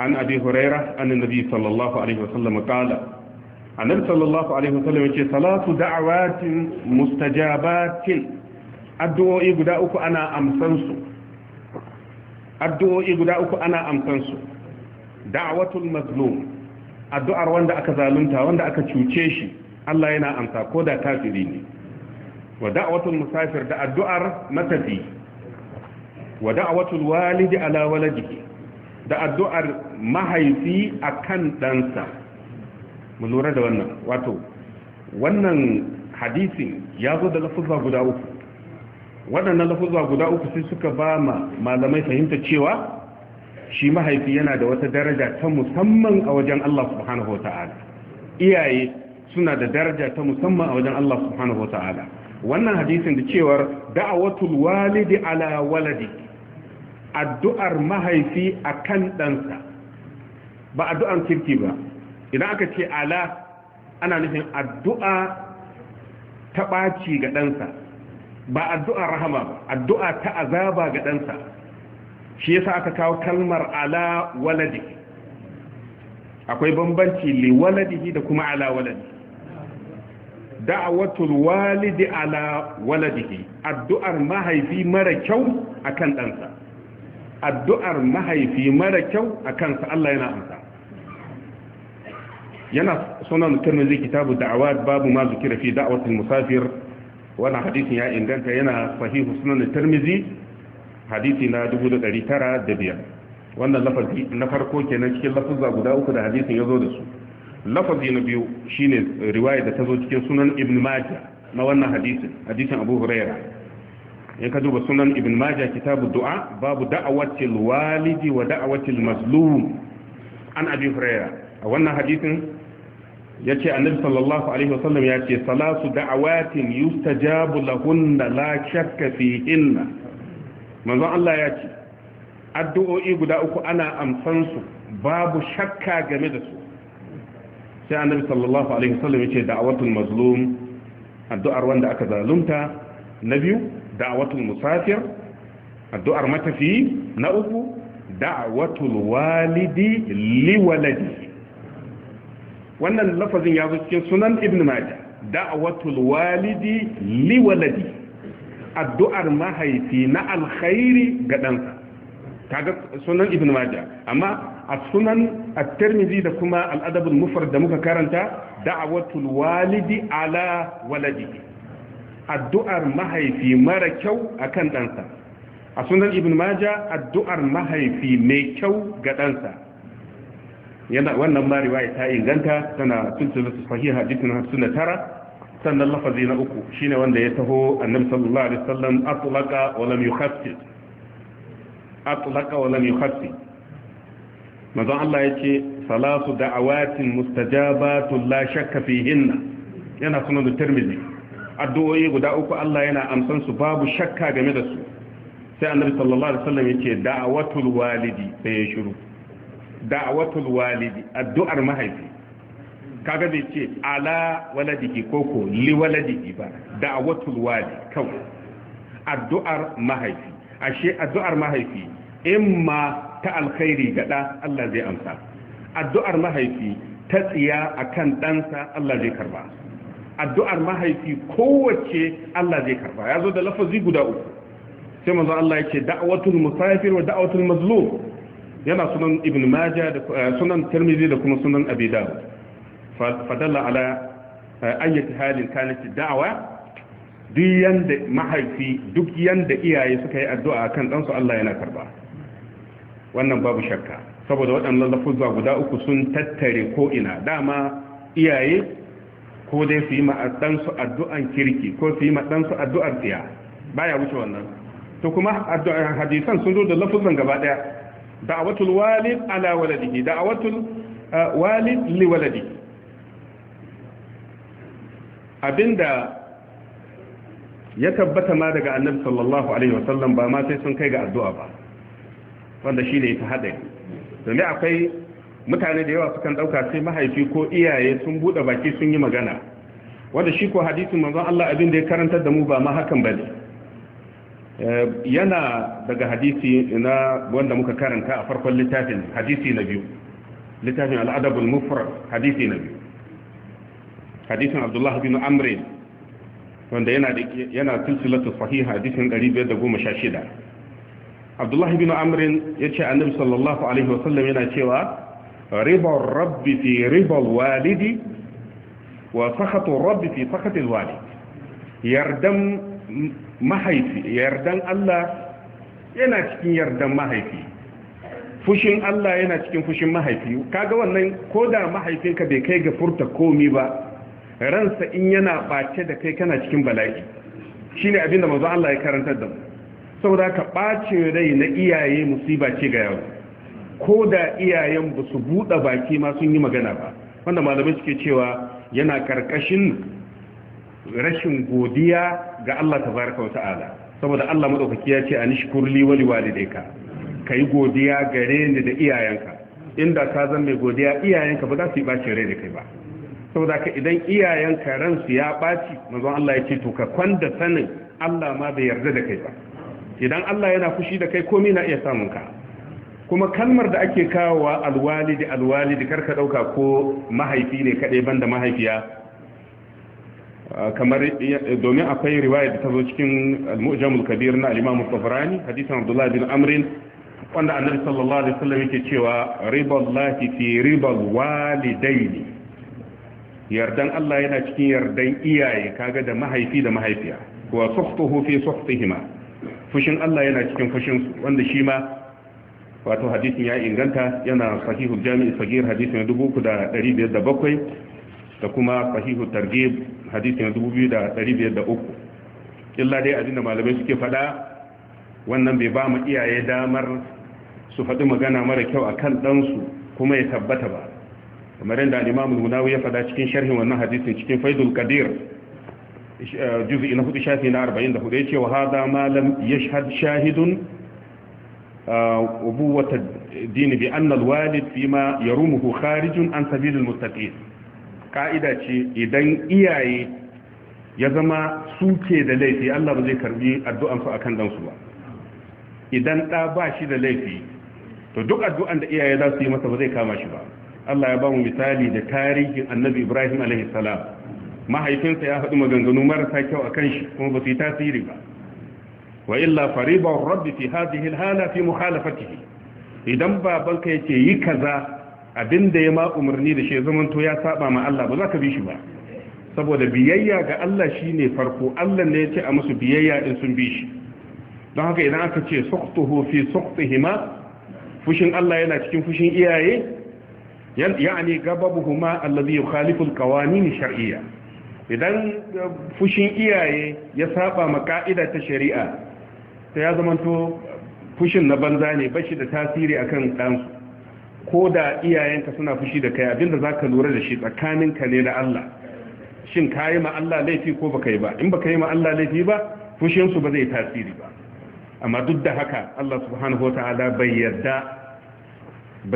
an abi huraira an nabi sallallahu alaihi wasallam qala annabi sallallahu alaihi wasallam yace salatu da'awatin mustajabatin addu'o'i addu'o'i guda uku ana amsan addu'ar wanda aka zalunta wanda aka cuce shi Allah yana amsa ko da kafiri ne wa da'watul musafir da addu'ar matafi wa da'watul walidi ala waladihi da addu'ar mahaifi akan ɗansa mu lura da wannan wato wannan hadisin ya zo da lafuzza guda uku waɗannan lafuzza guda uku sai suka ba ma malamai fahimta cewa shi mahaifi yana da wata daraja ta musamman a wajen Allah subhanahu wata'ala iyaye suna da daraja ta musamman a wajen Allah subhanahu wata'ala wannan hadisin da cewar da'awatul walidi ala waladi addu'ar mahaifi a kan ɗansa ba addu'an kirki ba idan aka ce ala ana nufin addu'a ta ɓaci ga ɗansa ba addu'ar rahama ba addu'a ta azaba ga ɗansa shi yasa aka kawo kalmar ala waladi akwai bambanci li waladi da kuma ala waladi da'awatul walidi ala waladihi addu'ar mahaifi mara kyau akan ɗansa addu'ar mahaifi mara kyau a kansa Allah yana amsa yana sunan tirmidhi kitabu da'awa babu ma zikira fi da'watil musafir wannan hadisin ya inganta yana sahihu sunan tarmizi hadisi na 1905 wannan lafazi na farko kenan cikin lafuzza guda uku da hadisin ya zo da su lafazi na biyu shine riwaya da ta zo cikin sunan ibn majah na wannan hadisin hadisin abu hurairah in ka duba sunan ibn majah kitabu du'a babu da'awatil walidi wa da'awatil mazlum an abi hurairah a wannan hadisin yace annabi sallallahu alaihi wasallam yace salatu da'awatin yustajabu lahunna la shakka fi inna manzo Allah yace addu'o'i guda uku ana amsan su babu shakka game da su sai annabi sallallahu alaihi wasallam yace da'awatul mazlum addu'ar wanda aka zalunta na biyu da'watul musafir addu'ar matafi na uku da'watul walidi liwaladi wannan lafazin ya cikin sunan ibn majah da'watul walidi liwaladi addu'ar mahaifi alkhairi ga kaga sunan ibn majah amma a sunan at-tirmidhi da kuma al-adab al-mufrad da muka karanta da'watul walidi ala waladihi addu'ar mahaifi mara kyau akan ɗansa a sunan ibn maja addu'ar mahaifi mai kyau ga ɗansa yana wannan ma ta inganta tana sulsula sahiha jikin tara sannan lafazi na uku shine wanda ya taho annabi sallallahu alaihi wasallam atlaqa wa lam yukhaffif atlaqa wa lam yukhaffif manzon Allah yace salatu da'awatin mustajabatun la shakka fihinna yana sunan tirmidhi addu'o'i guda uku Allah yana amsan su babu shakka game da su sai annabi sallallahu alaihi wasallam yake da'watul walidi sai ya shiru da'watul walidi addu'ar mahaifi kaga bai ce ala waladihi koko li waladihi ba da'watul walidi kawai addu'ar mahaifi ashe addu'ar mahaifi imma ta alkhairi ga da Allah zai amsa addu'ar mahaifi ta tsiya akan ɗansa Allah zai karba addu'ar mahaifi kowace Allah zai karba ya zo da lafazi guda uku sai manzo Allah yake da'watul musafir wa da'watul mazlum yana sunan ibn majah da eh, sunan tirmidhi da kuma sunan abi dawud fadalla ala eh, ayyati halin kanat da'wa duk yanda mahaifi duk yanda iyaye suka yi addu'a kan dan su Allah yana karba wannan babu shakka saboda waɗannan lafuzza guda uku sun tattare ko ina dama iyaye ko dai su yi ɗansu addu'an kirki ko su yi ɗansu addu'ar tiya baya wuce wannan to kuma hadisan sun zo da lafuzan gaba ɗaya da'awatul walid ala waladihi da'awatul uh, walid li waladi abinda ya tabbata ma daga annabi sallallahu alaihi wasallam ba ma sai sun kai ga addu'a ba wanda shine ta hadari domin akwai mutane da yawa sukan ɗauka sai mahaifi ko iyaye sun buɗe baki sun yi magana wanda shi ko hadisin manzon Allah abin da ya karantar da mu ba ma hakan bane eh, yana daga hadisi na wanda muka karanta a farkon littafin hadisi na biyu littafin al'adabul mufrad hadisi na biyu hadisin Abdullah bin Amr wanda yana yana silsilatu sahih hadisin 516 Abdullah bin Amr yace Annabi sallallahu alaihi wasallam yana cewa رضا الرب fi رضا walidi wa الرب في fi الوالد يردم yardan mahaifi yardan Allah yana cikin yardan mahaifi fushin Allah yana cikin fushin mahaifi kaga wannan ko da mahaifinka bai kai ga furta komi ba ransa in yana ɓace da kai kana cikin bala'i shine abinda manzo Allah ya karantar da mu saboda ka ɓace rai na iyaye musiba ce ga yaro ko da iyayen ba su buɗe baki ma sun yi magana ba wanda malamai suke cewa yana karkashin rashin godiya ga Allah Ta tabaraka ta'ala saboda Allah maɗaukaki ya ce a anishkurli wali ka. yi godiya gare ni da iyayenka inda ka zan mai godiya iyayenka ba za su yi ɓacin rai da kai ba saboda ka idan iyayenka ransu ya ɓaci, mazan Allah ya ce to ka kwanda sanin Allah ma bai yarda da kai ba idan Allah yana fushi da kai komai na iya samun ka kuma kalmar da ake kawowa alwalidi alwalidi karka dauka ko mahaifi ne kaɗai banda mahaifiya ah, kamar domin akwai riwaya da ta zo cikin al-mu'jamul kabir na al-imam al-tabrani hadisan abdullah bin amr wanda annabi sallallahu alaihi wasallam yake cewa riba riballahi fi ribal walidaini yardan Allah yana cikin yardan iyaye kaga da mahaifi da mahaifiya wa suhtuhu fi suhtihima fushin Allah yana cikin fushin su wanda shi ma wato hadisin ya inganta yana sahihul jami'i sagir hadisi na 3507 da kuma sahihul targhib hadisi na 2503 illa dai abinda malamai suke fada wannan bai ba mu iyaye damar su faɗi magana mara kyau a kan ɗansu kuma ya tabbata ba kamar yadda al-Imam al-Munawi ya fada cikin sharhin wannan hadisin cikin Faidul Qadir eh, juz'i na 4 shafi na ya ce wa hadha malam ya yashhad shahidun ubuwata dini bi anna alwalid ma yarumuhu kharijun an sabilil mustaqim ka'ida ce idan iyaye ya zama suke da laifi Allah ba zai karbi addu'an su akan dan su ba idan da ba shi da laifi to duk addu'an da iyaye za su yi masa ba zai kama shi ba Allah ya ba mu misali da tarihin Annabi Ibrahim alaihi salam mahaifinsa ya faɗi maganganu marasa kyau akan shi kuma ba su yi tasiri ba wa illa fariban rabbi fi hadhihi alhala fi mukhalafatihi idan babanka yake yi kaza abinda ya ma umarni da shi zaman to ya saba ma Allah ba za ka bi shi ba saboda biyayya ga Allah shine farko Allah ne ya ce a musu biyayya in sun bi shi don haka idan aka ce suqtuhu fi suqtihima fushin Allah yana cikin fushin iyaye yani gababuhuma allazi yukhalifu alqawanin shar'iyya idan fushin iyaye ya saba ma ka'ida ta shari'a sai ya zamanto fushin na banza ne bashi da tasiri akan ɗansu ko da iyayenka suna fushi da kai abinda za ka lura da shi tsakaninka ne da Allah shin ka yi ma Allah laifi ko baka yi ba in baka yi ma Allah laifi ba fushinsu ba zai tasiri ba amma duk da haka Allah subhanahu wa ta'ala bai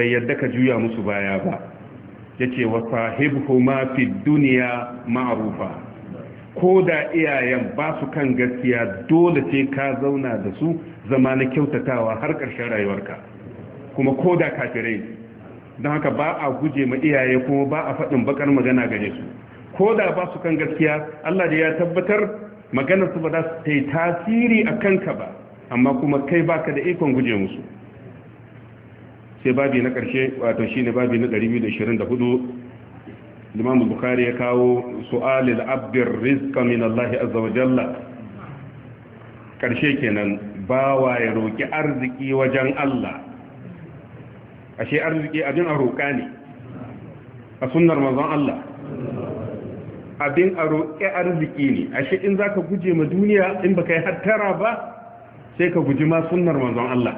yarda ka juya musu baya ba yace wa sahibhuma fid dunya ma'rufa ko da iyayen ba su kan gaskiya dole ce ka zauna da su zama na kyautatawa har ƙarshen rayuwarka kuma ko da kafirai don haka ba a guje ma iyaye kuma ba a faɗin bakar magana gare su ko da ba su kan gaskiya Allah da ya tabbatar maganar su ba za su ta tasiri a kanka ba amma kuma kai ba ka da ikon guje musu sai babi na ƙarshe wato shine babi na 224 imam bukari ya kawo su'alil abdir rizqa min Allah azza wa jalla karshe kenan bawa ya roki arziki wajen Allah ashe arziki abin a roƙa ne a sunnar manzon Allah abin a roƙe arziki ne ashe in zaka guje ma duniya in baka yi hattara ba sai ka guji ma sunnar manzon Allah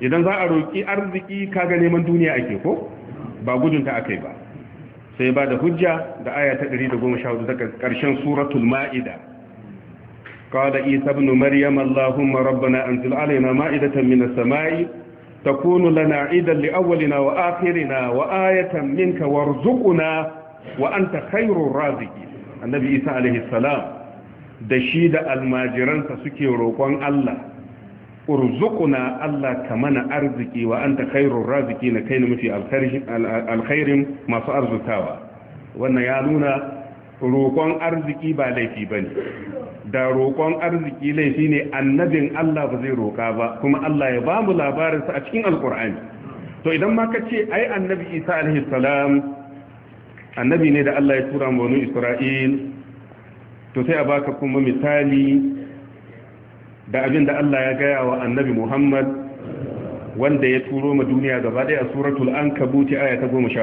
idan za a roƙi arziki kaga neman duniya ake ko ba gudunta akai ba sai ba da hujja da aya ta ɗari 114 daga ƙarshen suratul ma'ida qala isa ibn maryam allahumma rabbana anzil alaina ma'idatan minas sama'i takunu lana 'idan li awwalina wa akhirina wa ayatan minka warzuqna wa anta khairur raziqin annabi isa alayhi salam da shi da almajiransa suke roƙon allah urzuquna Allah ta mana arziki wa anta khairur na kai ne mafi alkhairin masu arzikawa. wannan ya nuna roƙon arziki ba laifi bane da roƙon arziki laifi ne annabin Allah ba zai roƙa ba kuma Allah ya bamu labarinsa a cikin alkur'ani to idan ma ka ce ai annabi isa alaihi salam annabi ne da Allah ya tura mu Isra'il to sai a baka kuma misali da abin da Allah ya gaya wa annabi Muhammad wanda ya turo ma duniya gaba daya suratul ankabuti aya ta 17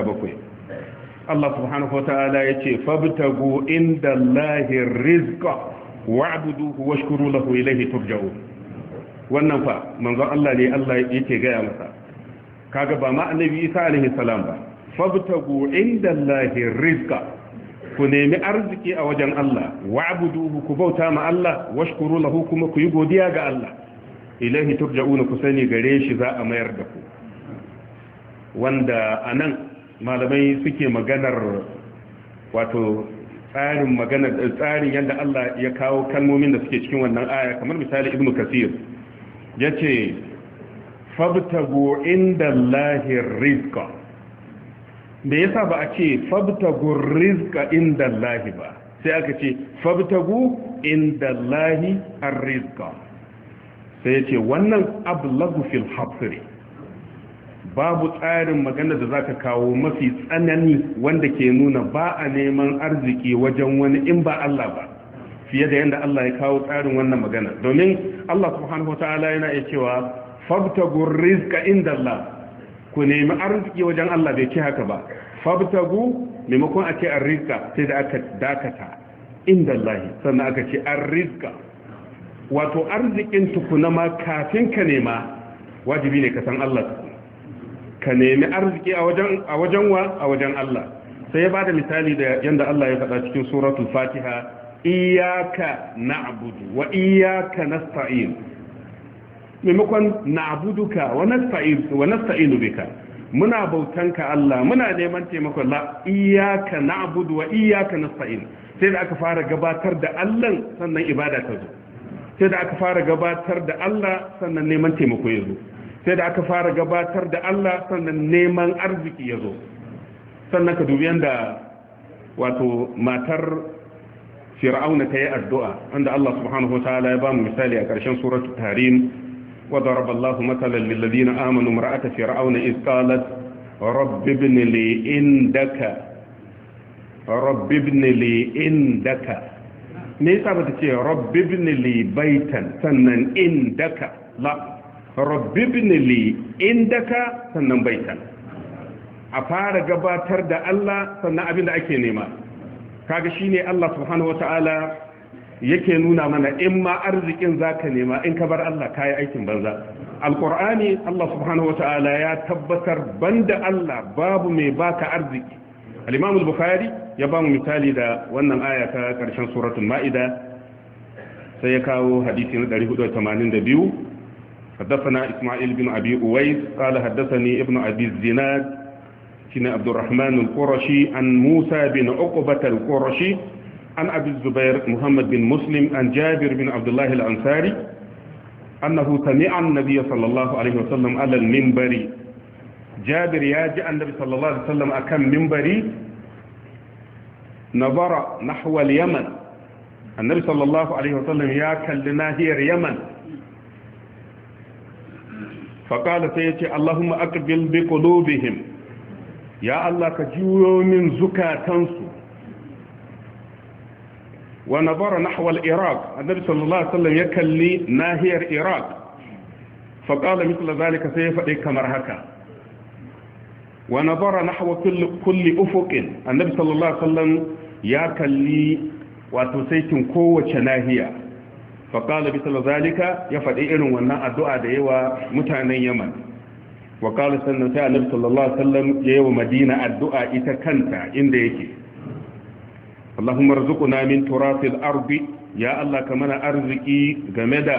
Allah subhanahu wataala yace fabtagu indallahi rizqa wa'buduhu washkuru lahu ilayhi turja'un wannan fa manzon Allah ne Allah yake gaya masa kaga ba ma annabi Isa alaihi salam ba fabtagu indallahi rizqa ku nemi arziki a wajen Allah abuduhu ku bauta ma Allah shukuru lahu kuma ku yi godiya ga Allah ilahi turja'una ku sani gare shi za a mayar da ku wanda anan malamai suke maganar wato tsarin maganar tsarin yadda Allah ya kawo kalmomin da suke cikin wannan aya kamar misali ibnu kasir yace fabtagu inda Allahir rizqa me yasa ba a ce fabtagu rizqa indallahi ba sai aka ce fabtagu indallahi arrizqa sai ya ce wannan ablagu fil hafri babu tsarin magana da zaka kawo mafi tsanani wanda ke nuna ba a neman arziki wajen wani in ba Allah ba fiye da yadda Allah ya kawo tsarin wannan magana domin Allah subhanahu wataala yana iya cewa fabtagu rizqa indallah ku nemi arziki wajen Allah bai ce haka ba fabtagu maimakon a ce arrizka sai da aka dakata inda Allah sannan aka ce arrizka wato arzikin tukuna ma kafin ka nema wajibi ne ka san Allah ka nemi arziki a wajen a wajen wa a wajen Allah sai ya bada misali da yanda Allah ya faɗa cikin suratul Fatiha iyyaka na'budu wa iyyaka nasta'in maimakon na'buduka wa wani wa bika muna bautanka Allah muna neman taimakon la iyyaka na'budu wa iyyaka nasta'in sai da aka fara gabatar da Allah sannan ibada ta zo sai da aka fara gabatar da Allah sannan neman taimako ya zo sai da aka fara gabatar da Allah sannan neman arziki ya zo sannan ka dubi yanda wato matar fir'auna ta yi addu'a wanda Allah subhanahu wa ta'ala ya ba mu misali a ƙarshen suratul tarim وضرب الله مثلا للذين آمنوا امرأة فرعون إذ قالت رب ابن لي عندك رب ابن لي عندك me yasa ba ce rabbibni li baitan sannan indaka la rabbibni li indaka sannan baitan a fara gabatar da Allah sannan abin da ake nema kaga shine Allah subhanahu ta'ala. yake nuna mana in ma arzikin zaka nema in ka bar Allah kayi aikin banza alqur'ani Allah subhanahu wataala ya tabbatar banda Allah babu mai baka arziki al-imam al-bukhari ya ba mu misali da wannan aya ta karshen suratul ma'ida sai ya kawo hadisi na 482 isma'il bin بن أبي أويس قال حدثني ابن أبي الزناد شن عبد الرحمن القرشي عن موسى بن عقبة القرشي عن أبي الزبير محمد بن مسلم عن جابر بن عبد الله الأنصاري أنه سمع النبي صلى الله عليه وسلم على المنبر جابر ياجي النبي صلى الله عليه وسلم أكم منبر نظر نحو اليمن النبي صلى الله عليه وسلم يا كلنا هي اليمن فقال سيتي اللهم أقبل بقلوبهم يا الله كجيو من زكاة تنسو wa bara nahwa al-iraq annabi sallallahu alaihi wasallam ya kalli nahiyar iraq fa qala mithla zalika sai ya faɗi kamar haka wa nazara nahwa kulli ufuqin annabi sallallahu alaihi wasallam ya kalli wato saitin kowace nahiya fa qala mithla zalika ya faɗi irin wannan addu'a da yawa mutanen yaman wa qala sannan sai annabi sallallahu alaihi wasallam ya yi wa madina addu'a ita kanta inda yake اللهم ارزقنا من تراث Ya يا ka mana arziki game da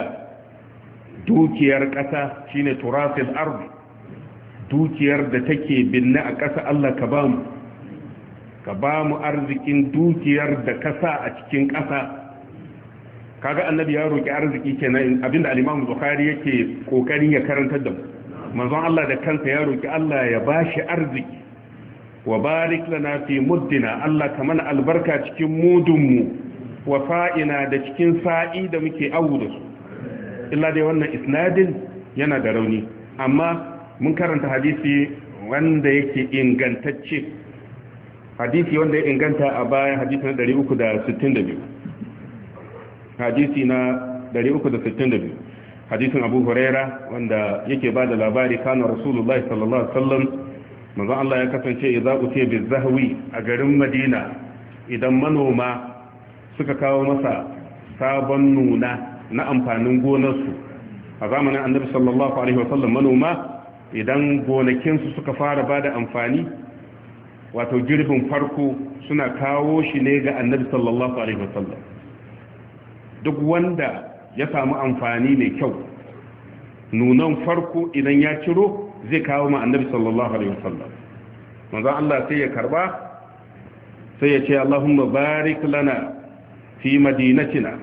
dukiyar ƙasa shine turathil ard dukiyar da take binne a kasa Allah ka ba ka ba arzikin dukiyar da kasa a cikin kasa kaga annabi ya roki arziki kenan abinda al-Imam Bukhari yake kokarin ya karantar da mu manzon Allah da kansa ya roki Allah ya bashi arziki wa barik lana muddina Allah ka mana albarka cikin mudunmu wa fa'ina da cikin sa'i da muke awu da su illa dai wannan isnadin yana da rauni amma mun karanta hadisi wanda yake ingantacce hadisi wanda ya inganta a bayan hadisi na 362 hadisi na 362 hadisin abu huraira wanda yake bada da labari kanu rasulullahi sallallahu alaihi wasallam manzon Allah ya kasance idza bi bizahwi a garin Madina idan manoma suka kawo masa sabon nuna na amfanin gonarsu a zamanin annabi sallallahu alaihi wasallam manoma idan gonakinsu suka fara bada amfani wato girbin farko suna kawo shi ne ga annabi sallallahu alaihi wasallam duk wanda ya samu amfani mai kyau nunan farko idan ya ciro zai kawo ma annabi sallallahu alaihi wasallam manzo Allah sai ya karba sai ya ce Allahumma barik lana fi madinatina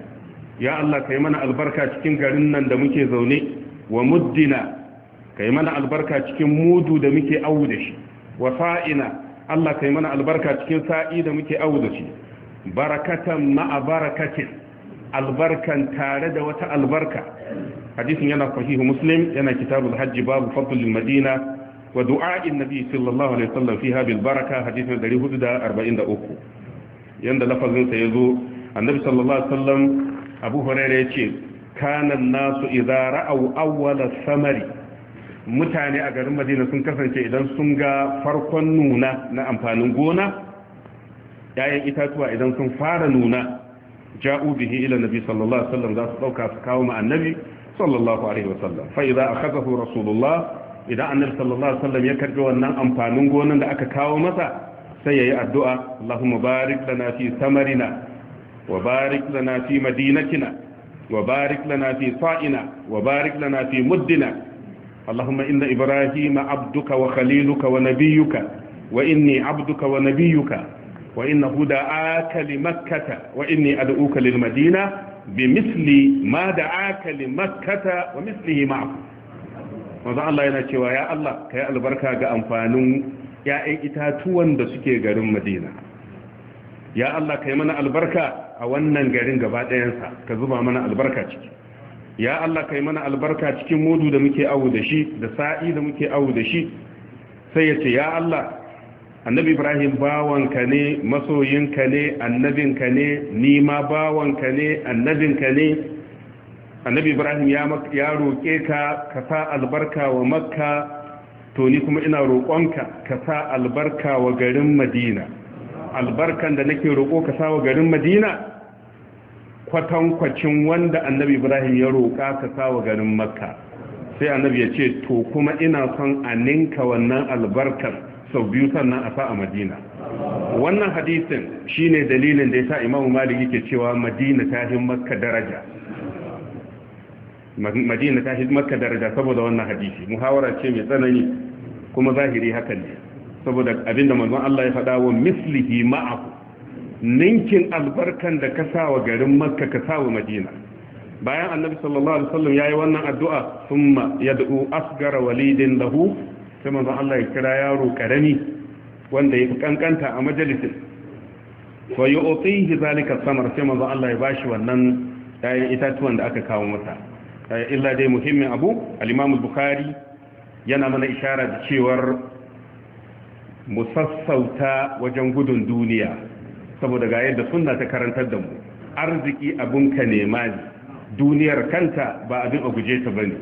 ya Allah kai mana albarka cikin garin nan da muke zaune wa muddina kai mana albarka cikin mudu da muke awu shi wa fa'ina Allah kai mana albarka cikin sa'i da muke awu shi barakatan ma'a barakatin albarkan tare da wata albarka hadisin yana sahihu muslim yana kitabul hajji babu fadlul madina wa du'a'in nabi sallallahu alaihi wasallam fiha bil baraka hadisin 443 yanda lafazin sa yazo annabi sallallahu alaihi wasallam abu hurairah yace kana nasu idza ra'aw awwala samari mutane a garin madina sun kasance idan sun ga farkon nuna na amfanin gona ‘ya'yan itatuwa idan sun fara nuna ja'u bihi ila nabi sallallahu alaihi wasallam za su dauka su kawo ma annabi sallallahu alaihi wasallam fa idza akhadahu rasulullah idan annabi sallallahu alaihi wasallam ya karbi wannan amfanin gonan da aka kawo masa sai yayi addu'a Allahumma barik lana fi samarina wa barik lana fi madinatina wa barik lana fi sa'ina wa barik lana fi muddina اللهم إن إبراهيم عبدك وخليلك ونبيك وإني عبدك ونبيك wa inna huda aka li makkata wa inni ad'uka lil madina bi misli ma makkata wa Allah yana cewa ya Allah yi albarka ga amfanin ya'yan itatuwan da suke garin Madina ya Allah kai mana albarka a wannan garin gaba ɗayansa ka zuba mana albarka ciki ya Allah kai mana albarka cikin mudu da muke awu da shi da sa'i da muke awu da shi sai ya ce ya Allah annabi ibrahim bawanka ne masoyinka ne annabinka ne ni bawanka ne annabinka ne annabi ibrahim ya roƙe ka ka sa albarka wa makka to ni kuma ina roƙonka ka sa albarka wa garin madina albarkan da nake roƙo ka sa wa garin madina kwatankwacin wanda annabi ibrahim ya roƙa ka sa wa garin makka sai annabi ya ce to kuma ina son a ninka wannan albarkar sau biyu sannan a sa a madina wannan hadisin shine dalilin da ya sa imamu maliki ke cewa madina ta yi makka daraja madina ta yi makka daraja saboda wannan hadisi muhawara ce mai tsanani kuma zahiri hakan ne saboda abinda manzon Allah ya faɗa wa mislihi ma'ahu ninkin albarkan da ka wa garin makka ka wa madina bayan annabi sallallahu alaihi wasallam yayi wannan addu'a thumma yad'u asgara walidin lahu sai manzon Allah ya kira yaro karami wanda ya kankanta a majalisin wa yu'tihi zalika samar sai manzon Allah ya bashi wannan yayin itatuwan da aka kawo masa eh, illa dai muhimmin abu al-Imam bukhari yana mana ishara da cewar musassauta wajen gudun duniya saboda ga yadda sunna ta karantar da mu arziki abunka ne nema duniyar kanta ba abin a guje ta bane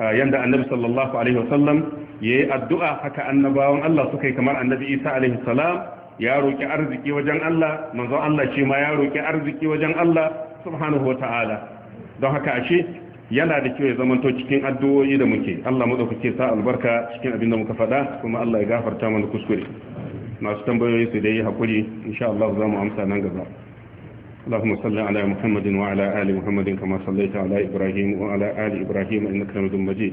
eh, yanda annabi sallallahu alaihi wasallam yayi addu'a haka annabawan Allah suka yi kamar annabi Isa alaihi ya roƙi arziki wajen Allah manzon Allah ce ma ya roƙi arziki wajen Allah subhanahu ta'ala don haka ashe yana da kyau ya zamanto cikin addu'o'i da muke Allah mu dauke sa albarka cikin abin da muka faɗa kuma Allah ya gafarta mana kuskure masu tambayoyi su dai hakuri insha Allah za mu amsa nan gaba اللهم صل على محمد وعلى آل محمد كما صليت على إبراهيم وعلى آل إبراهيم إنك حميد مجيد